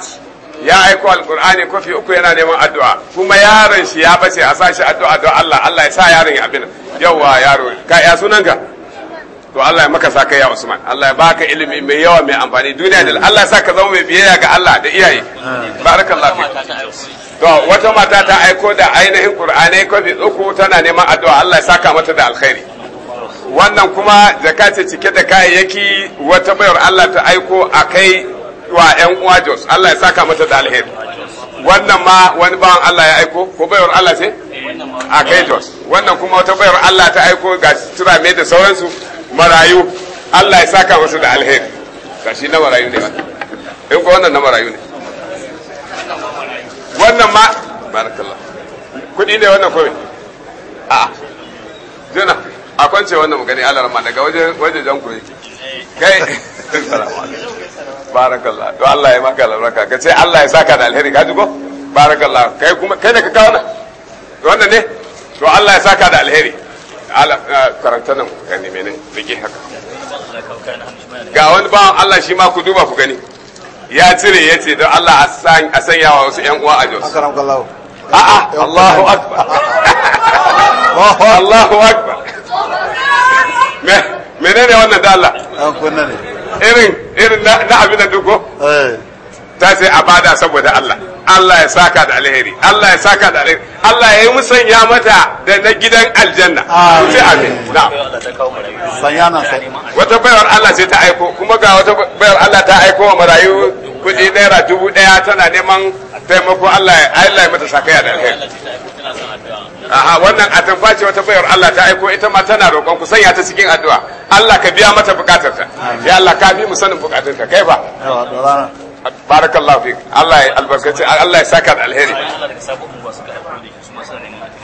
ya aiko alƙur'ani kofi uku yana neman addu'a kuma yaron shi ya bace a sashi addu'a don Allah Allah ya sa yaron ya abin yawa yaro ka ya sunanka to Allah ya maka saka ya Usman Allah ya baka ilimi mai yawa mai amfani duniya da Allah ya saka zama mai biyayya ga Allah da iyaye barakallahu fi to wata mata ta aiko da ainihin ko bi uku tana neman addu'a Allah ya saka mata da alkhairi wannan kuma jaka ce cike da kayayyaki wata bayar Allah ta aiko a kai wa ƴan uwa Jos Allah ya saka mata da alheri wannan ma wani bawan Allah ya aiko ko bayar Allah ce eh, a kai Jos wannan kuma wata bayar Allah ta aiko ga tura mai da sauransu marayu Allah ya saka musu da alheri kashi na marayu ne in ko wannan na marayu ne wannan ma barakallah kudi ne wannan kome a jina a kwance wannan magani Allah rahma daga waje waje jan koyi kai barakallah to Allah ya maka albarka ka ce Allah ya saka da alheri ka ji ko barakallah kai kuma kai ne ka kawo wannan ne to Allah ya saka da alheri ala karanta nan ku gani menene rike haka ga wani ba Allah shi ma ku duba ku gani ya cire ya ce don Allah a sanya wa wasu 'yan uwa a Jos. A'a, Allahu Akbar. Allahu Akbar. Menene wannan da Allah? Irin, na abin da duko? Eh. ta ce a bada saboda Allah Allah ya saka da alheri Allah ya saka da alheri Allah ya yi musanya mata da na gidan aljanna sai amin na sanyana sai wata bayar Allah sai ta aiko kuma ga wata bayar Allah ta aiko wa marayu kudi naira dubu daya tana neman taimako Allah ya Allah ya mata sakaya da alheri aha wannan a ce wata bayar Allah ta aiko ita ma tana roƙon ku sanya ta cikin addu'a Allah ka biya mata bukatarta ya Allah ka bi mu sanin bukatarka kai ba barakallahu fik Allah ya albarkaci Allah ya saka da alheri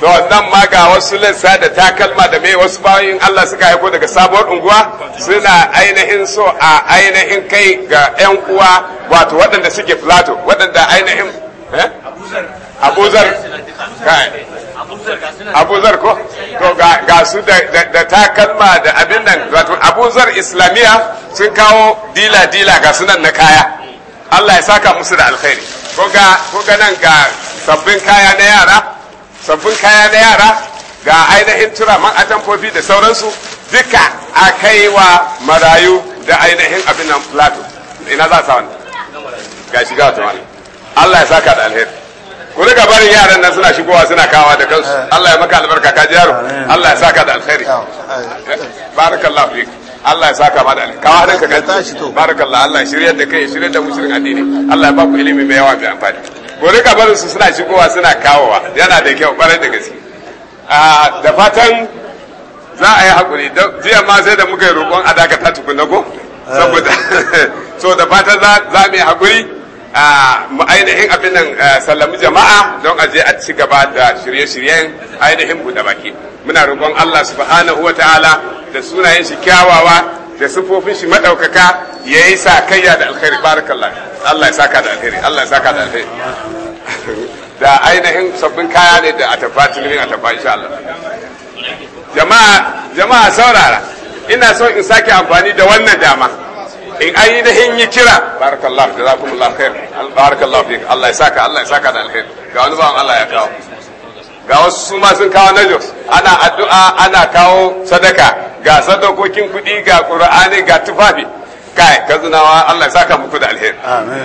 to nan ma ga wasu lissa da takalma da me wasu bayin Allah suka haiko daga sabuwar unguwa suna ainihin so a ainihin kai ga yan uwa wato waɗanda suke plato waɗanda ainihin eh? abuzar kai abuzar ko to ga su da takalma da abin nan wato abuzar islamiyya sun kawo dila-dila ga sunan na kaya Allah ya saka musu da alkhairi ko ga nan ga sabbin kaya na yara sabbin kaya na yara ga ainihin man atamfofi da sauransu duka a kai wa marayu da ainihin abin nan plato ina za ta wani ga shiga ta wani Allah ya saka da alheri ku riga barin yaran nan suna shigowa suna kawa da kansu eh. Allah ya maka albarka ka ji yaro Allah ya saka da alkhairi barakallahu fik Allah ya saka ma da alkhairi kawa hannunka ka tashi to barakallahu Allah ya shiryar da kai ya shiryar da mu shirin addini Allah ya ba ku ilimi mai yawa mai amfani ku riga barin su suna shigowa suna kawowa yana da kyau barai da gaske da fatan za a yi hakuri jiya ma sai da muka yi roƙon a dakata tukunna ko eh. saboda *laughs* so da fatan za mu yi hakuri ainihin abin nan sallami jama'a don aje a ci gaba da shirye-shiryen ainihin buɗe baki muna roƙon Allah subhanahu wa ta'ala da sunayen shi kyawawa da sufofin shi maɗaukaka ya yi sa kayya da alkhairi barakallah Allah ya saka da alkhairi Allah ya saka da alkhairi *laughs* da ainihin sabbin kaya ne da atafa tilmin atafa insha Allah jama'a jama'a saurara ina so in sake amfani da wannan dama in ainihin yi kira barakallahu jazakumullahu khair barakallahu fi Allah ya saka Allah ya saka da alheri ga wani bawan Allah ya kawo ga wasu su ma sun kawo najos ana addu'a ana kawo sadaka ga sadakokin kuɗi ga qur'ani ga tufafi kai kazunawa Allah ya saka muku da alheri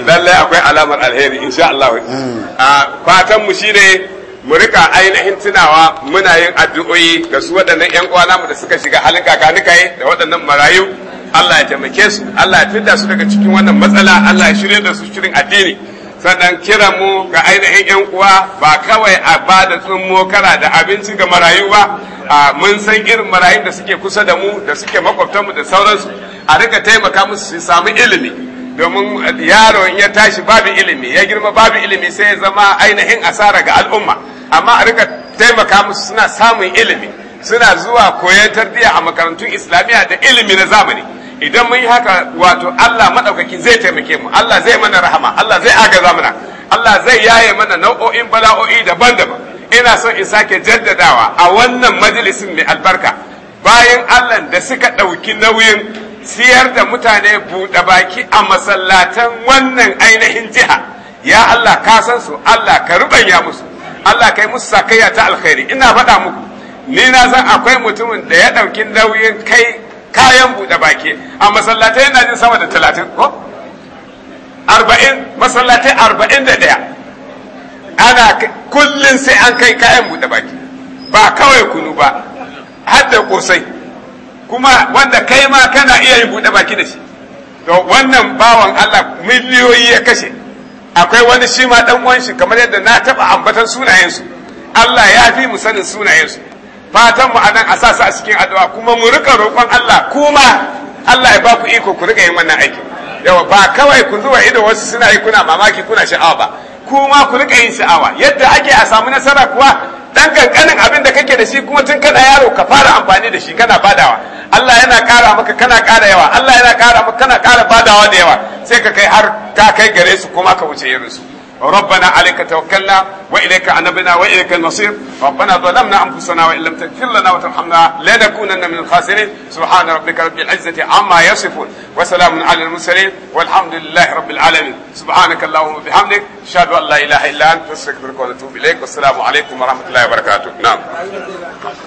lallai akwai alamar alheri insha Allah hmm. a fatan mu shine mu rika ainihin tunawa muna yin addu'o'i ga su waɗannan 'yan uwa namu da suka shiga halin kakanikai da waɗannan marayu Allah ya taimake su Allah ya fidda su daga cikin wannan matsala Allah ya shirya da su shirin addini sannan kira mu ga ainihin yan uwa ba kawai a ba da tsummo mokara da abinci ga marayu ba mun san irin marayun da suke kusa da mu da suke makwabtan mu da sauransu a rika taimaka musu su samu ilimi domin yaro ya tashi babu ilimi ya girma babu ilimi sai ya zama ainihin asara ga al'umma amma a rika taimaka musu suna samun ilimi suna zuwa koyon tarbiyya a makarantun islamiyya da ilimi na zamani idan mun yi haka wato Allah maɗaukaki zai taimake mu Allah zai mana rahama Allah zai agaza mana Allah zai yaye mana nau'o'in bala'o'i daban-daban ina son in sake jaddadawa a wannan majalisin mai albarka bayan Allah da suka ɗauki nauyin siyar da mutane buɗe baki a masallatan wannan ainihin jiha ya Allah ka san su Allah ka rubanya musu Allah kai musu sakayya ta alkhairi ina faɗa muku ni na san akwai mutumin da ya ɗauki nauyin kai kayan buɗe baki a masallatai yana jin sama da talatin ko arba'in masallatai arba'in da ɗaya ana kullum sai an kai kayan buɗe baki ba kawai kunu ba Hadda kosai kuma wanda kai ma kana iya yin buɗe baki da shi to wannan bawan Allah miliyoyi ya kashe akwai wani shi ma ɗan uwan shi kamar yadda na taɓa ambatan sunayensu Allah ya fi mu sanin sunayensu fatan mu anan a sa su a cikin addu'a kuma mu rika roƙon Allah kuma Allah ya ba ku iko ku rika yin wannan aikin yawa ba kawai ku zuwa ido wasu suna yi kuna mamaki kuna sha'awa ba kuma ku rika yin sha'awa yadda ake a samu nasara kuwa dan kankanin abin da kake da shi kuma tun kana yaro ka fara amfani da shi kana badawa Allah yana kara maka kana kara yawa Allah yana kara maka kana kara badawa da yawa sai ka kai har ka kai gare su kuma ka wuce yin su ربنا عليك توكلنا وإليك عنبنا وإليك المصير ربنا ظلمنا أنفسنا وإن لم تغفر لنا وترحمنا لنكونن من الخاسرين سبحان ربك رب العزة عما يصفون وسلام على المرسلين والحمد لله رب العالمين سبحانك اللهم وبحمدك أشهد أن لا إله إلا أنت أستغفرك وأتوب إليك والسلام عليكم ورحمة الله وبركاته نعم